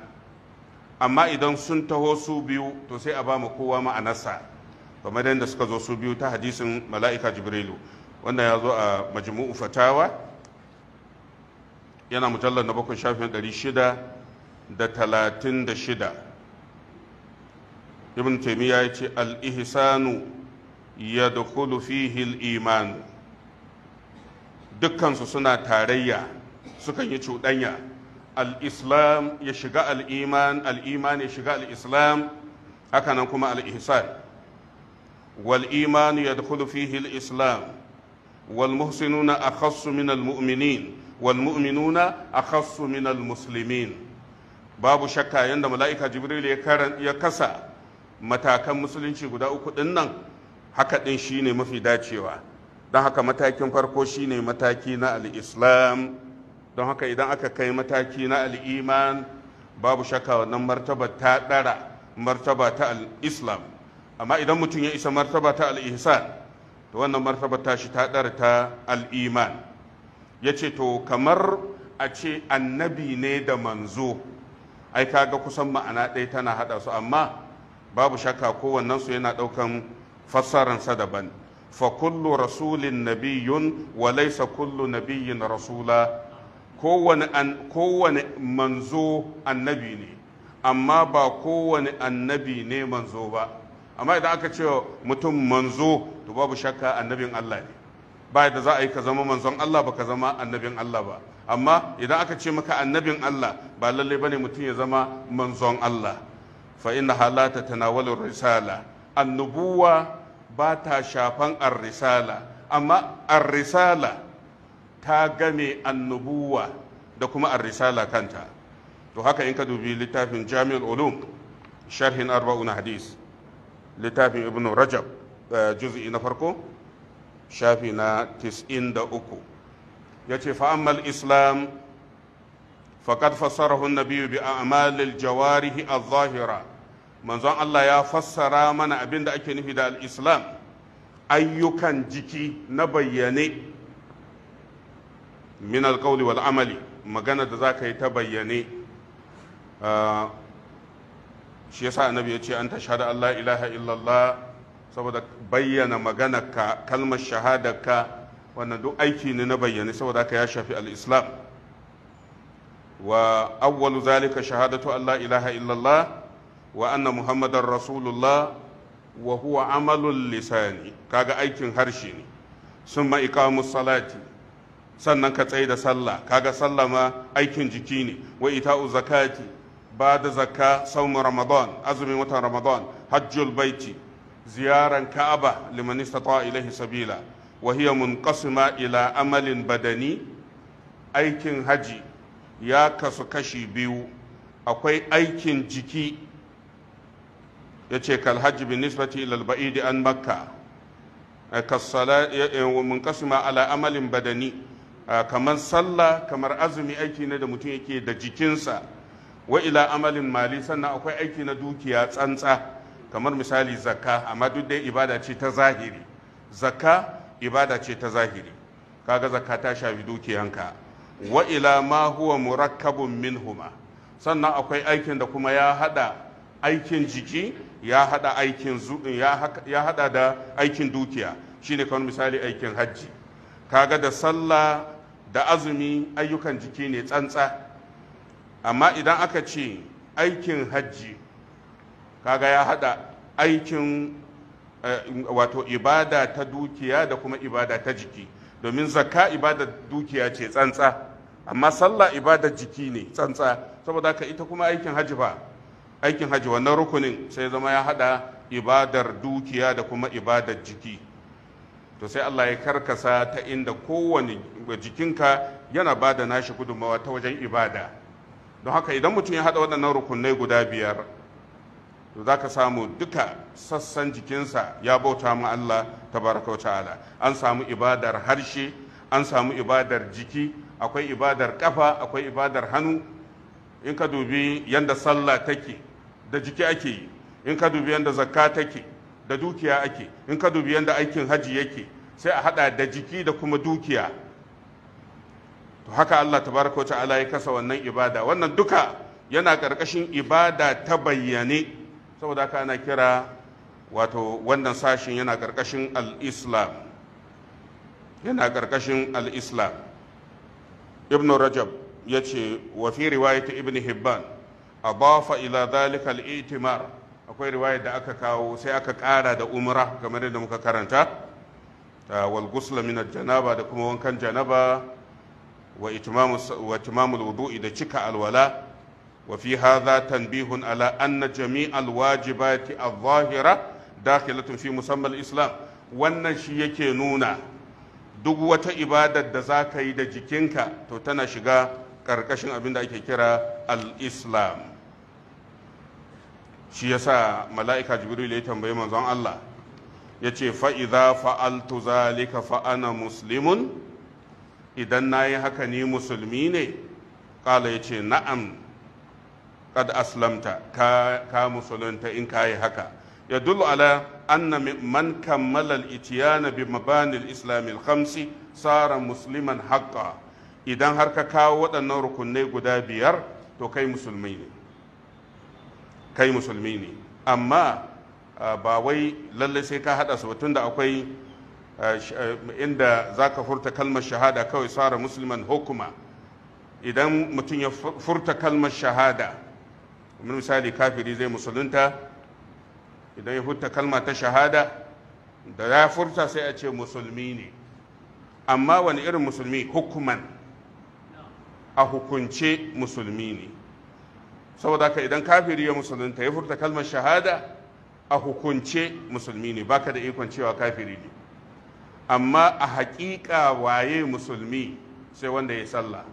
S2: amma idan sun taho su biyu to sai a ba mu kowa ma'anarsa kamar da suka zo su biyu ta hadisin mala'ika jibrilu wannan ya zo a majmu'u fatawa yana mujallar na bakwai shafin ɗari shida da talatin da shida ibn taimiyya ya ce al'ihisanu ya dukulu fihi imanu dukkansu suna tarayya sukan yi cuɗanya al'islam ya shiga al'iman al'iman ya shiga al'islam hakanan kuma al'ihisan والإيمان يدخل فيه الإسلام والمحسنون أخص من المؤمنين wal mu'minuna akhassu minal babu shakka yadda mala'ika jibril ya kasa matakan musulunci guda uku din nan haka din shine mafi dacewa don haka matakin farko shine mataki na al'islam don haka idan aka kai mataki na al'iman babu shakka wannan martaba ta dara martaba ta al'islam amma idan mutum ya isa martaba ta al-ihsan to wannan martaba ta shi ta dara ta al'iman. ya ce to kamar a ce annabi ne da manzo ai kaga kusan ma'ana ɗaya tana haɗa su amma babu shakka su yana ɗaukan fassaransa daban fa kullu rasulin nabiyyun wa laysa kullu nabiyyin rasula kowane kowane manzo annabi ne amma ba kowane annabi ne manzo ba amma idan aka ce mutum manzo to babu shakka annabin Allah ne ba da za a yi ka zama manzon Allah ba ka zama annabin Allah ba amma idan aka ce maka annabin Allah ba lalle bane mutum ya zama manzon Allah fa inna halata tanawalu risala annubuwa ba ta shafan ar-risala amma ar-risala ta game annubuwa da kuma ar-risala kanta to haka in ka dubi littafin Jami'ul Ulum sharhin na hadis littafin Ibn Rajab eh, juz'i na farko shafi na 93 ya ce fa'ammal islam faƙad fassarahu nabiyu bi amalil jawarihi al-zahira manzon Allah ya fassara mana abin da ake nufi da al'islam ayyukan jiki na bayyane min alƙauli wal amali magana da za ka yi ta bayyane ah, shi yasa annabi ya ce an tashhadu Allah ilaha illallah saboda bayyana maganarka ka kalmar shahadarka wannan duk aiki ne na bayyane saboda ka ya shafi al'islam wa awwalu zalika shahadatu Allah ilaha illallah wa anna muhammadar rasulullah wa huwa lisani kaga aikin harshe ne sun iqamus salati sannan ka tsaye da sallah kaga sallah ma aikin jiki ne wa ita'u zakati ba da zakka saumu ramadan azumin watan ramadan hajjul baiti ziyaran ka'aba liman istata ilaihi sabila wa hiya munqasima ila amalin badani aikin haji ya kasu kashi biyu akwai aikin jiki yace kal hajji bin nisbati ila al an makka eh, eh, munqasima ala amalin badani eh, kamar sallah kamar azumi aiki ne da mutum yake da jikinsa wa ila amalin mali sannan akwai aiki na dukiya tsantsa kamar misali zakka amma duk dai ibada ce ta zahiri zakka ibada ce ta zahiri kaga zakka ta shafi dukiyanka wa ila ma huwa murakkabun minhuma sannan akwai aikin da kuma ya hada aikin jiki ya hada aikin ya hada da aikin dukiya shine kamar misali aikin hajji kaga da sallah da azumi ayyukan jiki ne tsantsa amma idan aka ce aikin hajji kaga ya hada aikin eh, wato ibada ta dukiya da kuma ibada ta jiki domin zakka ibada dukiya ce tsantsa amma sallah ibada jiki ne tsantsa saboda haka ita kuma aikin haji ba aikin haji wannan rukunin sai zama ya hada ibadar dukiya da kuma ibadar jiki to sai Allah ya karkasa ta inda kowane jikinka yana ba da nashi gudunmawa ta wajen ibada don haka idan mutum ya hada waɗannan rukunai guda biyar to za ka samu duka sassan jikinsa ya bauta ma Allah ta baraka ta'ala an samu ibadar harshe an samu ibadar jiki akwai ibadar kafa akwai ibadar hannu in ka dubi yadda sallah take da jiki ake yi in ka dubi yadda zakka take da dukiya ake in ka dubi yadda aikin haji yake sai a hada da jiki da kuma dukiya to haka Allah ta tabaraka ta'ala ya kasa wannan ibada wannan duka yana ƙarƙashin ibada ta bayyane saboda haka ana kira wato wannan sashin yana ƙarƙashin al-islam yana ƙarƙashin al-islam ibn rajab ya ce wa fi riwayati ibn hibban adafa ila dhalika itimar akwai riwaya da aka kawo sai aka ƙara da umra kamar yadda muka karanta wal ghusl min janaba da kuma wankan janaba wa itmamu wudu'i da cika alwala وفي هذا تنبيه على أن جميع a الظاهرة داخلة في مسمى الإسلام wannan shi yake nuna duk wata ibadar da za ka yi da jikinka to tana shiga ƙarƙashin abin da ake kira al-islam shi yasa mala'ika jibril ya tambayi manzon Allah ya ce fa'iza fa'altu zalika fa'ana muslimun idan na yi haka ni musulmi ne ƙala ya ce na'am kad aslamta ka ka musulunta in kayi haka يدل على أن من كمل الإتيان بمباني الإسلام الخمس صار مسلما حقا إذا waɗannan كاو guda biyar to kai تو كاي مسلمين كاي مسلمين أما ba wai lallai sai ka haɗa su ba tunda akwai inda za ka furta kalmar shahada kawai tsara musulman hukuma idan mutum ya furta kalmar shahada misali kafiri zai musulunta idan ya furta kalma ta shahada da ya furta sai a ce musulmi ne amma wani irin musulmi hukuman a hukunce musulmi ne saboda haka idan kafiri ya musulunta ya furta kalmar shahada a hukunce musulmi ne baka da ikon cewa kafiri ne amma a haƙiƙa waye musulmi sai wanda ya sallah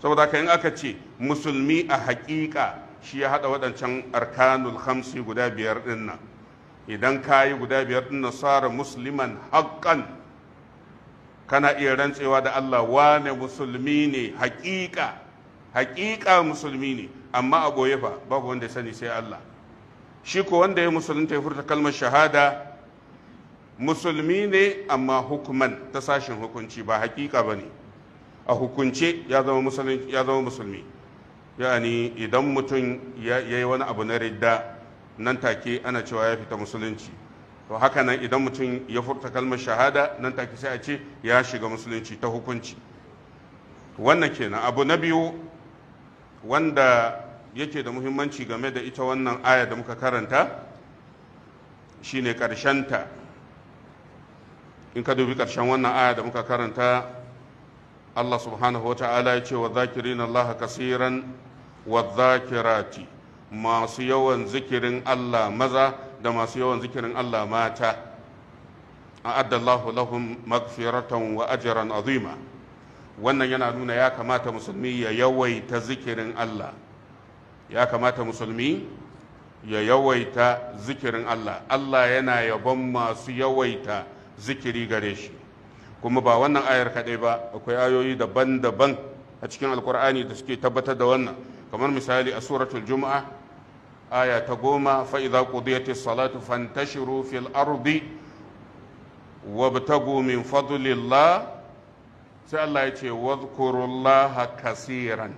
S2: saboda haka in aka ce musulmi a haƙiƙa shi ya haɗa waɗancan arkanul hamsi guda biyar ɗin idan ka yi guda biyar ɗin nan sara haƙƙan kana iya rantsewa da Allah wane musulmi ne haƙiƙa haƙiƙa musulmi ne amma a goye fa babu wanda ya sani sai Allah shi ko wanda ya musulunta ya furta kalmar shahada musulmi ne amma hukuman ta sashen hukunci ba haƙiƙa ba ne a hukunce ya zama musulmi yani idan mutum ya yi wani abu na ridda nan take ana cewa ya fita musulunci to haka nan idan mutum ya furta kalmar shahada nan take sai a ce ya shiga musulunci ta hukunci wannan kenan abu na biyu wanda yake da muhimmanci game da ita wannan aya da muka karanta shine ta in ka dubi karshen wannan aya da muka karanta Allah subhanahu wata'ala ya ce wa zakirin Allah kasiran wa zakirati masu yawan zikirin Allah maza da masu yawan zikirin Allah mata a'addallahu lahum magfiratan wa ajran azima wannan yana nuna ya kamata musulmi ya yawaita zikirin Allah ya kamata musulmi ya yawaita zikirin Allah Allah yana yabon masu yawaita zikiri gare shi kuma ba wannan ayar kaɗai ba akwai ayoyi daban-daban a cikin alkur'ani da suke tabbatar da wannan kamar misali a suratul juma'a aya ta goma fa'iza ƙudiyati salatu fantashiru fil ardi wabtagu min fadlillah sai Allah ya ce wadhkurullaha kasiran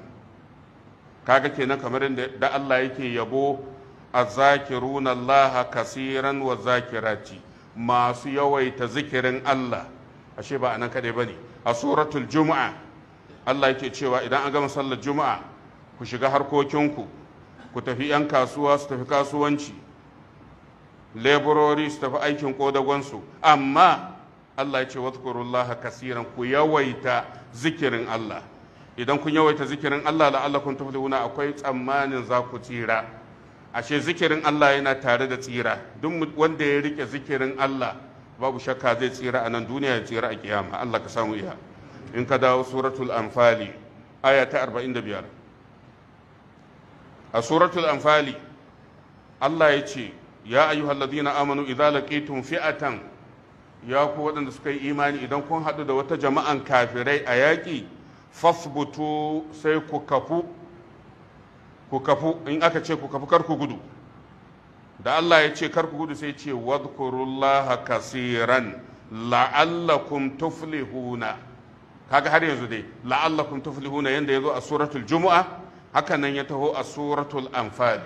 S2: kaga kenan kamar da Allah yake yabo azakiruna Allah kasiran wa zakirati masu yawaita zikirin Allah ashe ba anan kadai bane a suratul juma'a Allah yake cewa idan an gama sallar juma'a ku shiga harkokinku ku tafi 'yan kasuwa su tafi kasuwanci leburori su tafi aikin kodagonsu amma Allah ya ce wadkurullaha kasiran ku yawaita zikirin Allah idan kun yawaita zikirin Allah la'allakum tuflihuna akwai tsammanin za ku tsira ashe zikirin Allah yana tare da tsira duk wanda ya rike zikirin Allah babu shakka zai tsira a nan duniya ya tsira a kiyama Allah ka samu iya in ka dawo suratul anfali aya ta 45 a suratul anfali Allah ya ce ya ayyuhal ladina amanu idza laqitum fi'atan ya ku waɗanda suka yi imani idan kun haɗu da wata jama'an kafirai a yaƙi fasbutu sai ku kafu ku kafu in aka ce ku kafu kar ku gudu da Allah ya ce kar ku gudu sai ce wadkurullaha kasiran la'allakum tuflihuna kaga har yanzu dai la'allakum tuflihuna yanda yazo a suratul jumu'a haka nan ya taho a suratul anfal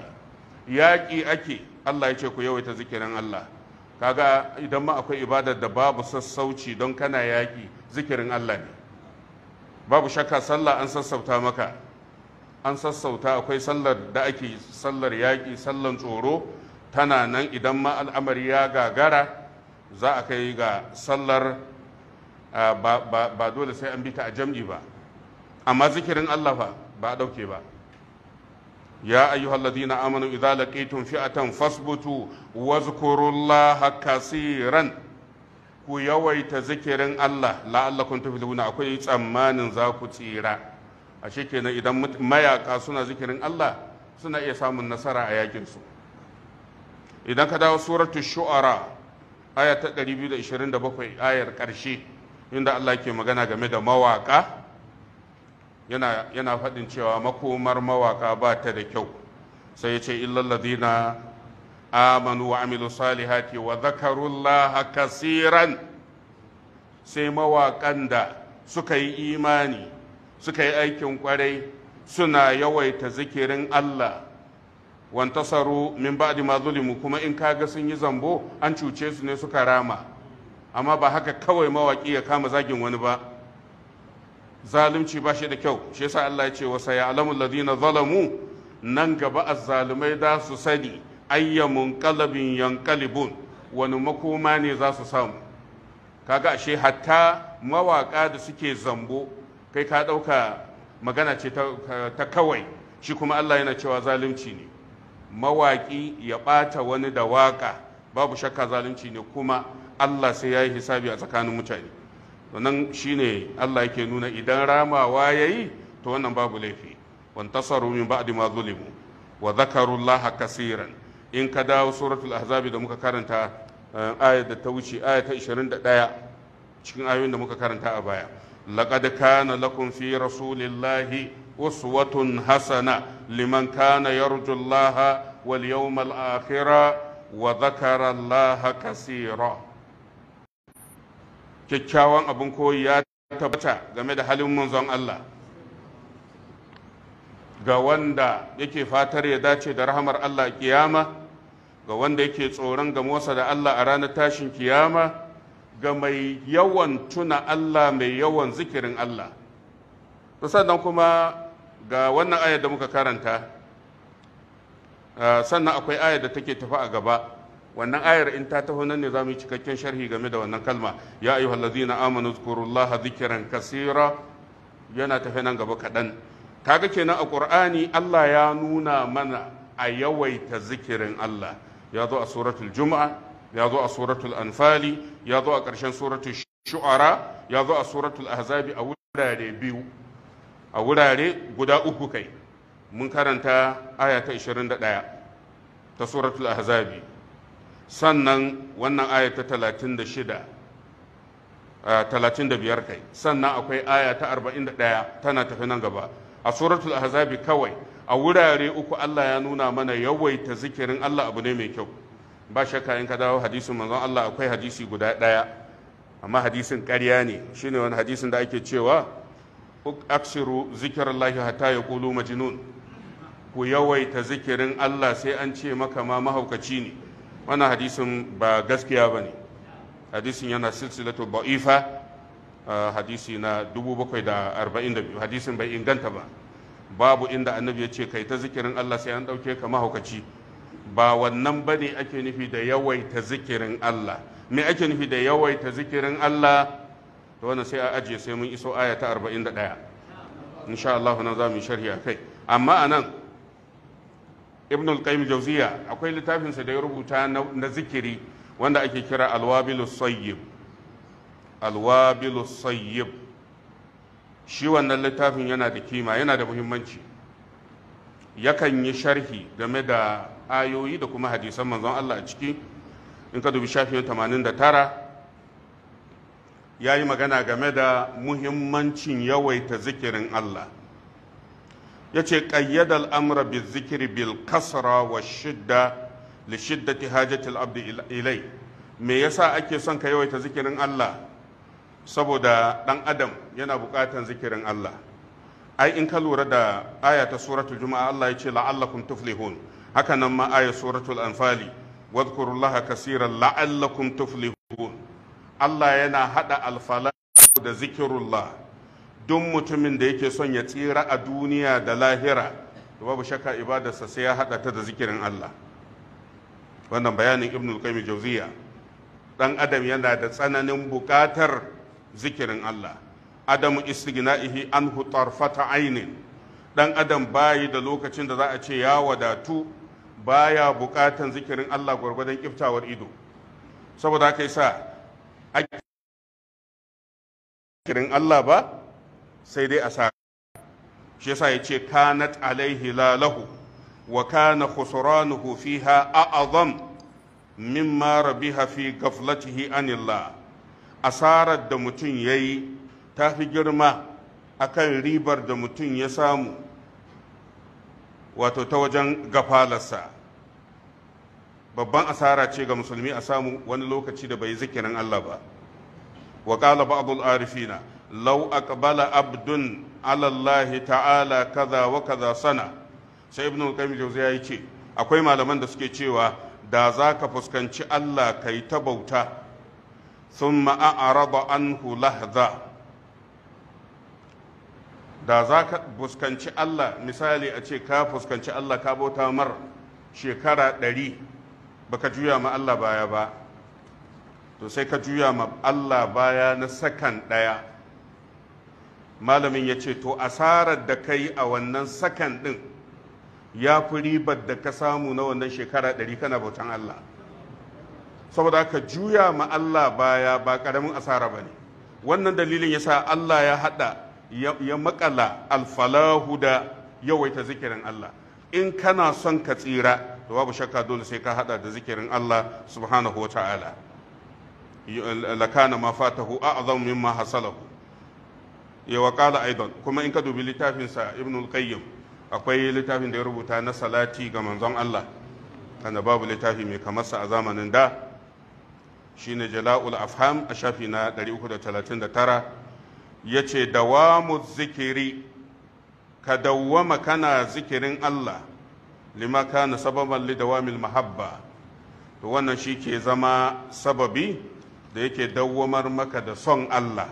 S2: yaƙi ake Allah ya ce ku yawaita zikirin Allah kaga idan ma akwai ibadar da babu sassauci don kana yaƙi zikirin Allah ne babu shakka sallah an sassauta maka an sassauta akwai sallar da ake sallar yaƙi sallan tsoro tana nan idan ma al'amari ya gagara za a kai ga sallar ba dole sai an bi ta a jam'i ba amma zikirin Allah fa ba a ɗauke ba ya ayyuhal ladina amanu idza laqitum fi'atan fasbutu wazkurullaha kasiran ku yawaita zikirin Allah la'allakum tuflihuna akwai tsammanin za ku tsira ashe kenan idan mayaka suna zikirin Allah suna iya samun nasara a yakin idan ka dawo suratu shu'ara aya ta 227 ayar ƙarshe inda Allah ke magana game da mawaka yana faɗin cewa makomar mawaka ba ta da kyau sai ya ce illal ladina amanu wa amilu salihati wa zakarullaha kasiran sai mawakan da suka yi imani suka yi aikin kwarai suna yawaita zikirin Allah wantasaru min ba'di ma zulimu kuma in ka ga sun yi zambo an cuce su ne suka rama amma ba haka kawai mawaki ya kama zagin wani ba zalunci ba shi da kyau shi yasa Allah ya ce wa sayalamu ladina zalamu nan gaba azzalumai za su sani ayyamun kalabin yankalibun wani makoma ne za su samu kaga ashe hatta mawaka da suke zambo kai ka ɗauka magana ce ta kawai shi kuma Allah yana cewa zalunci ne mawaƙi ya ɓata wani da waƙa babu shakka zalunci ne kuma Allah sai ya yi hisabi a tsakanin mutane wannan shine Allah yake nuna idan ramawa ya yi to wannan babu laifi wan tasaru min ba'di ma zulimu wa zakaru Allah kasiran in ka dawo suratul ahzabi da muka karanta eh, ayat da ta wuce ayat ta 21 cikin ayoyin da muka karanta a baya laqad kana lakum fi rasulillahi uswatun hasana liman kana yarju Allah wal yawmal akhira wa dhakara Allah kaseera kyakkyawan abin koyi ya tabbata game da halin manzon Allah ga wanda yake fatar ya dace da rahmar Allah kiyama ga wanda yake tsoron gamuwarsa da Allah a ranar tashin kiyama ga mai yawan tuna Allah mai yawan zikirin Allah sannan kuma ga wannan ayar da muka karanta ah, sannan akwai ayar da take tafi a gaba wannan ayar in ta taho nan ne za mu yi cikakken sharhi game da wannan kalma ya ayyuhal ladzina amanu zkurullaha dhikran kasira, yana tafi nan gaba kaɗan kaga kenan a ƙur'ani Allah ya nuna mana a yawaita zikirin Allah ya zo a suratul juma'a ya zo a suratul anfali ya zo a ƙarshen suratul shu'ara ya zo a suratul ahzabi a wurare biyu a wurare guda uku kai mun karanta aya ta 21 ta suratul ahzabi sannan wannan aya ta 36 35 kai sannan akwai aya ta 41 tana tafi nan gaba a suratul ahzabi kawai a wurare uku Allah ya nuna mana yawaita zikirin Allah abu ne mai kyau ba shakka in ka dawo hadisin manzon Allah akwai hadisi guda daya amma hadisin ƙarya ne shine wani hadisin da ake cewa aksiru Allah hatta ya kulu majnun ku yawaita zikirin Allah sai an ce maka ma mahaukaci ne wannan hadisin ba gaskiya bane hadisin yana silsilatu ba'ifa ah, hadisi na 742 hadisin bai inganta ba babu inda annabi ya ce kai ta zikirin Allah sai an dauke ka mahaukaci ba wannan bane ake nufi da yawaita zikirin Allah me ake nufi da yawaita zikirin Allah to wannan sai a ajiye sai mun iso aya ta 41 insha Allah nan za mu sharhi a kai amma anan ibn al-qayyim jawziya akwai littafin sa da ya rubuta na zikiri wanda ake kira al-wabilus sayyib al-wabilus sayyib shi wannan littafin yana da kima yana da muhimmanci yakan yi sharhi game da ayoyi da kuma hadisan manzon Allah a ciki in ka dubi shafin 89 ya yi magana game da muhimmancin yawaita zikirin Allah ya ce ƙayyadar amra bil zikiri bil kasara wa shidda li ti hajatil abdi ilai me yasa ake son ka yawaita zikirin Allah saboda ɗan adam yana buƙatan zikirin Allah ai in ka lura da aya ta suratul juma'a Allah ya ce la'allakum tuflihun haka nan ma aya suratul anfali wadhkurullaha la'allakun la'allakum tuflihun Allah yana hada alfala da zikirullah duk mutumin da yake son ya tsira a duniya da lahira da babu shakka ibadarsa sai ya haɗa ta da zikirin Allah wannan bayanin ibn al-qayyim jawziya dan adam yana da tsananin buƙatar zikirin Allah adamu istighna'ihi anhu tarfata ainin dan adam bayi da lokacin da za a ce ya wadatu baya bukatan zikirin Allah gwargwadon kiftawar ido saboda haka yasa kirin Allah ba sai dai a sa shi yasa ya ce kanat alaihi lalahu wa kana khusranuhu fiha a'azam mimma rabiha fi gaflatihi anillah asarar da mutum yayi ta fi girma akan ribar da mutum ya samu wato ta wajen gafalarsa babban asara ce ga musulmi a samu wani lokaci da bai yi zikirin Allah ba wa qala ba'dul arifina law aqbala abdun ala Allah ta'ala kaza wa kaza sana sai ibnu qayyim jawziya ce. akwai malaman da suke cewa da za ka fuskanci Allah kai ta bauta thumma a'rada anhu lahza da za ka fuskanci Allah misali a ce ka fuskanci Allah ka bauta mar shekara ɗari baka juya ma Allah baya ba to sai ka juya ma Allah baya na sakan ɗaya malamin ya ce to asarar da ka yi a wannan sakan ɗin ya fi ribar da ka samu na wannan shekara ɗari kana bautan Allah saboda ka juya ma Allah baya ba ƙaramin asara ba ne wannan dalilin ya sa Allah ya haɗa ya makala alfalahu da yawaita zikirin Allah in kana son ka tsira to babu shakka dole sai ka hada da zikirin Allah subhanahu wa ta'ala lakana ma fatahu a'zam mimma hasalahu ya wa qala aidan kuma in ka dubi littafin sa ibn al-qayyim akwai littafin da ya rubuta na salati ga manzon Allah kana babu littafi mai kamar sa a zamanin da shine jala'ul afham a shafi na 339 yace dawamu zikiri ka dawwama kana zikirin Allah lima kana sababan lidawamil mahabba to wannan shi ke zama sababi da yake dawwamar maka da son Allah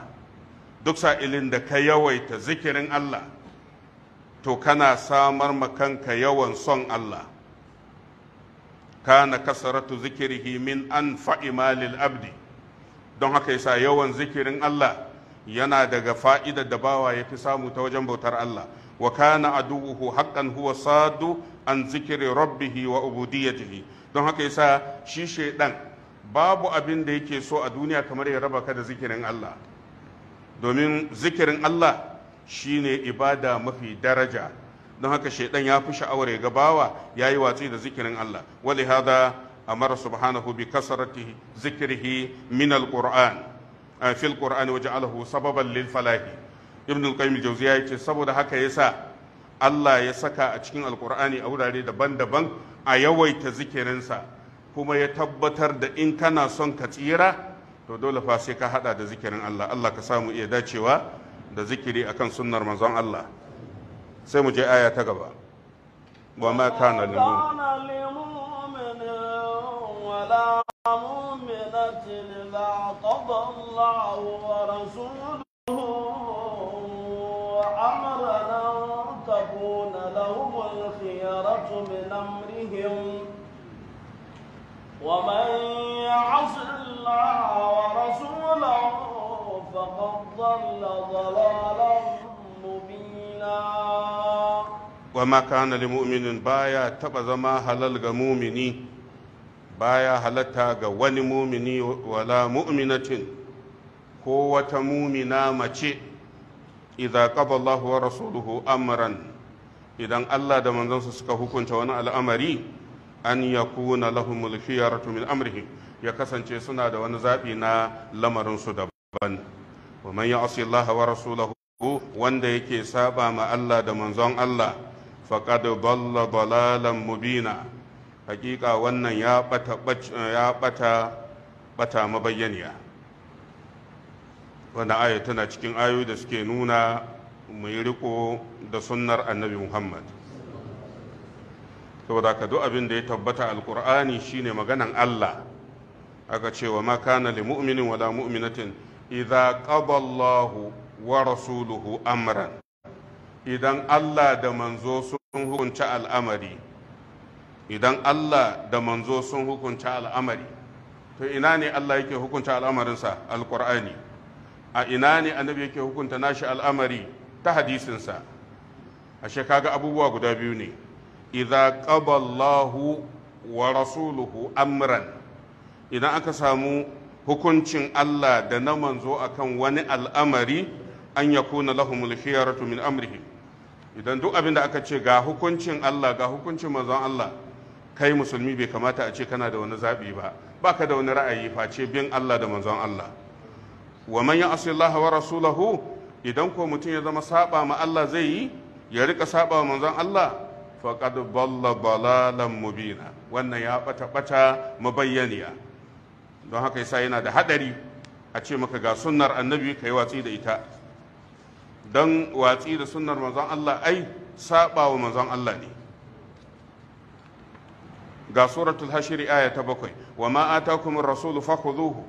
S2: duk sa'ilin da ka yawaita zikirin Allah to kana samar makanka yawan son Allah kana kasaratu zikirihi min an malil abdi don haka yasa yawan zikirin Allah yana daga fa'idar da bawa ya fi samu ta wajen bautar Allah wa kana aduhu haqqan huwa sadu an zikiri rabbihi wa ubudiyatihi don haka yasa shi shaidan babu abin da yake so a duniya kamar ya raba ka da zikirin Allah domin zikirin Allah shine ibada mafi daraja don haka shaidan ya fi sha'awar ya gabawa ya yi watsi da zikirin Allah wali hada amara subhanahu bi kasarati zikirihi min alquran eh, fil qur'an waja'alahu sababan lil falahi ibn al-qayyim al-jawziya yace saboda haka yasa Allah ya saka a cikin alkur'ani a wurare daban-daban a yawaita zikirinsa kuma ya tabbatar da in kana son ka tsira to dole fa sai ka hada da zikirin Allah Allah ka samu iya dacewa da zikiri akan sunnar manzon Allah sai mu je aya ta gaba wa ma kana wa
S1: لهم الخيرة من أمرهم ومن يعص الله ورسوله فقد ضل ضلالا مبينا
S2: وما كان لمؤمن بايا تبزما هلل مؤمني بايا هلتا غواني مؤمني ولا مؤمنة ko wata mumina mace idza qada Allahu wa rasuluhu amran idan Allah da manzansa suka hukunta wani al'amari an yakuna lahumul khiyaratu min amrihi ya kasance suna da wani zaɓi na lamarin su daban wa man ya'si Allah wa rasulahu wanda yake saba ma Allah da manzon Allah faqad dalla dalalan mubina hakika wannan ya bata ya bata bata mabayyaniya wannan ayatu tana cikin ayoyi da suke nuna mu yi riko da sunnar annabi muhammad saboda ka duk abin da ya tabbata alkur'ani shine maganan allah aka ce wa ma kana li mu'minin wala mu'minatin idza qada allahu wa rasuluhu amran idan allah da manzo sun hukunta al'amari idan allah da manzo sun hukunta al'amari to ina ne allah yake hukunta al'amarinsa alkur'ani a ina ne annabi yake hukunta nashi al'amari ta hadisinsa ashe kaga abubuwa guda biyu ne idza qaballahu wa rasuluhu amran idan aka samu hukuncin Allah da na manzo akan wani al'amari an yakuna lahumul khiyaratu min amrihi idan duk abin da aka ce ga hukuncin Allah ga hukuncin manzon Allah kai musulmi bai kamata a ce kana da wani zaɓi ba baka da wani ra'ayi face bin Allah da manzon Allah wa man ya'si Allah wa rasulahu idan ko mutum ya zama saba ma Allah zai yi ya rika saba wa manzon Allah faqad balla balalan mubina wannan ya bata bata mabayyaniya don haka yasa yana da hadari a ce maka ga sunnar annabi kai watsi da ita don watsi da sunnar manzon Allah ai saba wa manzon Allah ne ga suratul hashiri aya ta bakwai wa ma atakumur rasulu fakhudhuhu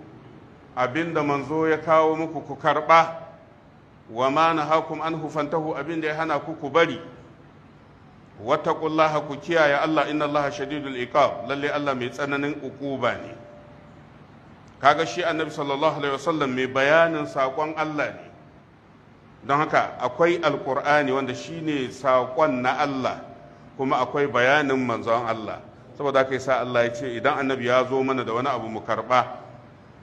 S2: abinda manzo ya kawo muku ku karba wa ma hakum anhu fantahu abin da ya hana ku ku bari ƙullaha ku kiyaye Allah inna Allah shadidul iqab lalle Allah mai tsananin ukuba ne kaga shi annabi sallallahu alaihi wasallam mai bayanin sakon Allah ne don haka akwai alƙur'ani wanda shine sakon na Allah kuma akwai bayanin manzon Allah saboda haka sa Allah ya ce idan annabi ya zo mana da wani abu mu karɓa?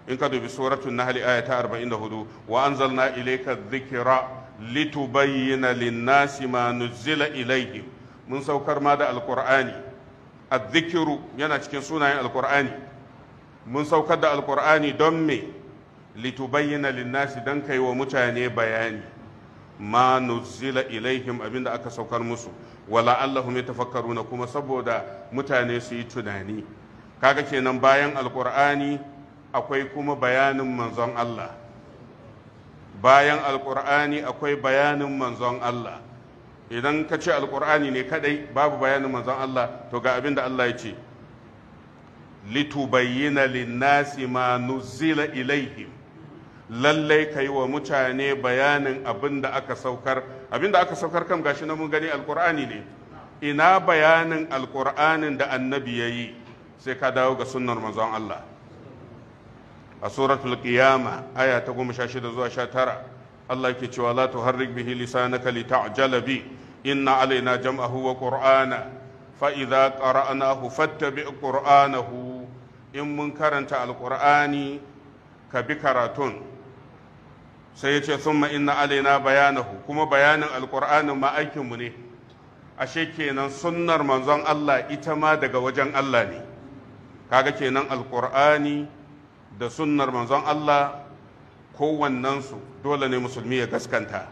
S2: in ka dubi suratul nahl aya ta 44 wa anzalna ilayka dhikra litubayyana lin-nasi ma nuzila ilayhim mun saukar ma da alqur'ani adh-dhikru yana cikin sunayen alqur'ani mun saukar da alqur'ani don me litubayyana lin-nasi dan kai wa mutane bayani ma nuzila abin abinda aka saukar musu wala allahum yatafakkaruna kuma saboda mutane su yi tunani kaga kenan bayan alqur'ani akwai kuma bayanin manzon Allah bayan alkur'ani akwai bayanin manzon Allah idan ka ce alkur'ani ne kadai babu bayanin manzon Allah to ga abin da Allah ya ce litubayyana linnasi ma nuzila ilaihim lallai ka yi wa mutane bayanin abin da aka saukar abin da aka saukar kan gashi na mun gani alkur'ani ne ina bayanin alkur'anin da annabi ya yi sai ka dawo ga sunnar manzon Allah a suratul qiyama aya ta goma sha shida zuwa sha tara Allah ke cewa la tuharrik bihi lisanaka lita'jala bi inna alaina jam'ahu wa qur'ana fa idza qara'nahu fattabi qur'anahu in mun karanta alqur'ani ka bi karatun sai ya ce inna alaina bayanahu kuma bayanin alqur'ani ma aikin mu ne ashe kenan sunnar manzon Allah ita ma daga wajen Allah ne kaga kenan alqur'ani da sunnar manzon Allah kowannensu dole ne musulmi ya gaskanta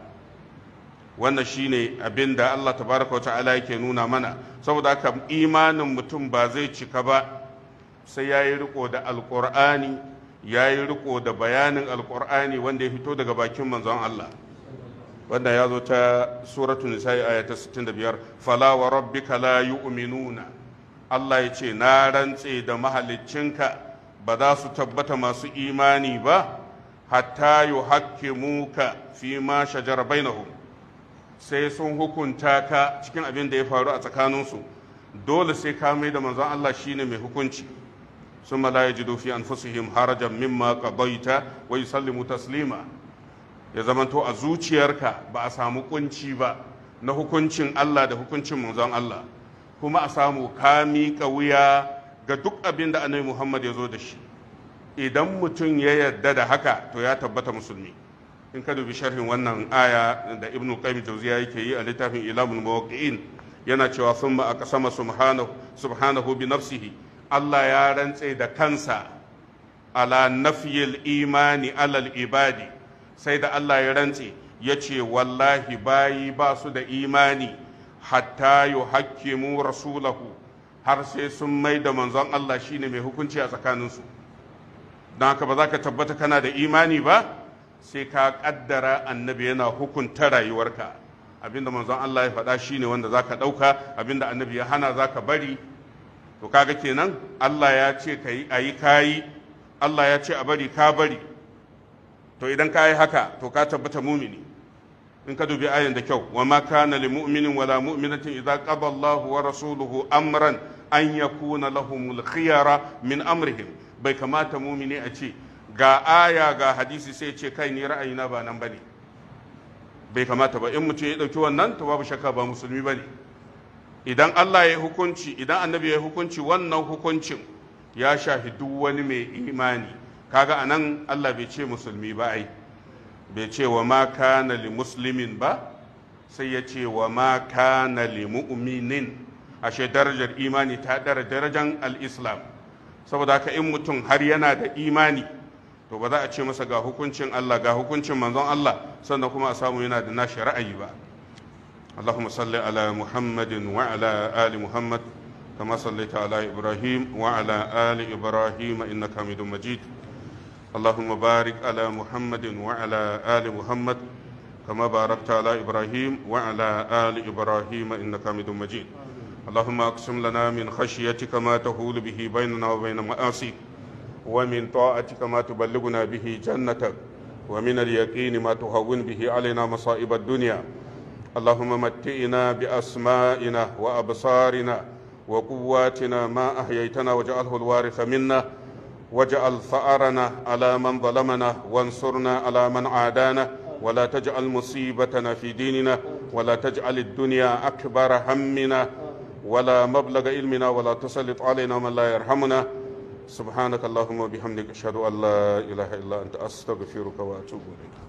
S2: wannan shine abin da Allah tabaraka wa ta'ala yake nuna mana saboda haka imanin mutum ba zai cika ba sai ya yi riko da alƙur'ani ya yi riko da bayanin alƙur'ani wanda ya fito daga bakin manzon Allah wanda ya zo ta suratu nisa'i aya ta 65 fala wa rabbika la yu'minuna Allah ya ce na rantse da mahaliccinka ba za su tabbata masu imani ba hatta yu muka fi ma jarabai nahu. sai sun hukunta ka cikin abin da ya faru a tsakaninsu dole sai ka mai da manzon Allah shine mai hukunci ثم لا harajan min harajan حرجا wai قضيت ويسلموا taslima ya zamanto a zuciyarka ba a samu ƙunci ba na hukuncin Allah da hukuncin manzon Allah kuma a samu ka miƙa wuya ga duk abin da annabi muhammad ya zo da shi idan mutum ya yarda da haka to ya tabbata musulmi in ka dubi sharhin wannan aya da ibnu qayyim jawziya yake yi a littafin ilamul muwaqqi'in yana cewa summa aqsama subhanahu subhanahu bi nafsihi Allah ya rantse da kansa ala nafyil imani alal ibadi sai da Allah ya rantse ya ce wallahi bayi ba su da imani hatta yuhaqqimu rasulahu har sai sun mai da manzon Allah shine mai hukunci a tsakaninsu don haka ba za ka tabbata kana da imani ba sai ka kaddara annabi yana hukunta rayuwarka abinda manzon Allah ya faɗa shine wanda za ka ɗauka abinda annabi ya hana za ka bari to kaga kenan Allah ya ce a yi kayi Allah ya ce a bari ka bari to idan ka yi haka to ka tabbata mumini in ka dubi ayan da kyau wa ma kana lil mu'minin wala mu'minatin idza qada Allahu wa rasuluhu amran an ya kuna lahumul khiyara min amrihim bai kamata mumini a ce ga aya ga hadisi sai ce kai ni ra'ayina ba nan ba ne bai kamata ba in mutum ya dauki wannan to babu shakka ba musulmi ba ne idan Allah ya hukunci idan annabi ya hukunci wannan hukuncin ya shafi duk wani mai imani kaga anan Allah bai ce musulmi ba ai bai ce wa ma kana li muslimin ba sai ya ce wa ma kana li mu'minin ashe darajar imani ta ɗara darajan al-islam saboda haka in mutum har yana da imani to ba za a ce masa ga hukuncin Allah ga hukuncin manzon Allah sannan kuma a samu yana da nashi ra'ayi ba اللهم صل على محمد وعلى آل Ibrahim كما صليت على إبراهيم وعلى آل إبراهيم إنك حميد مجيد اللهم بارك على محمد وعلى آل محمد كما باركت على إبراهيم وعلى آل إبراهيم إنك حميد مجيد اللهم اقسم لنا من خشيتك ما تهول به بيننا وبين معاصيك ومن طاعتك ما تبلغنا به جنتك ومن اليقين ما تهون به علينا مصائب الدنيا اللهم متئنا بأسمائنا وأبصارنا وقواتنا ما أحييتنا واجعله الوارث منا واجعل ثأرنا على من ظلمنا وانصرنا على من عادانا ولا تجعل مصيبتنا في ديننا ولا تجعل الدنيا أكبر همنا ولا مبلغ علمنا ولا تسلط علينا من لا يرحمنا سبحانك اللهم وبحمدك أشهد أن لا إله إلا أنت أستغفرك وأتوب إليك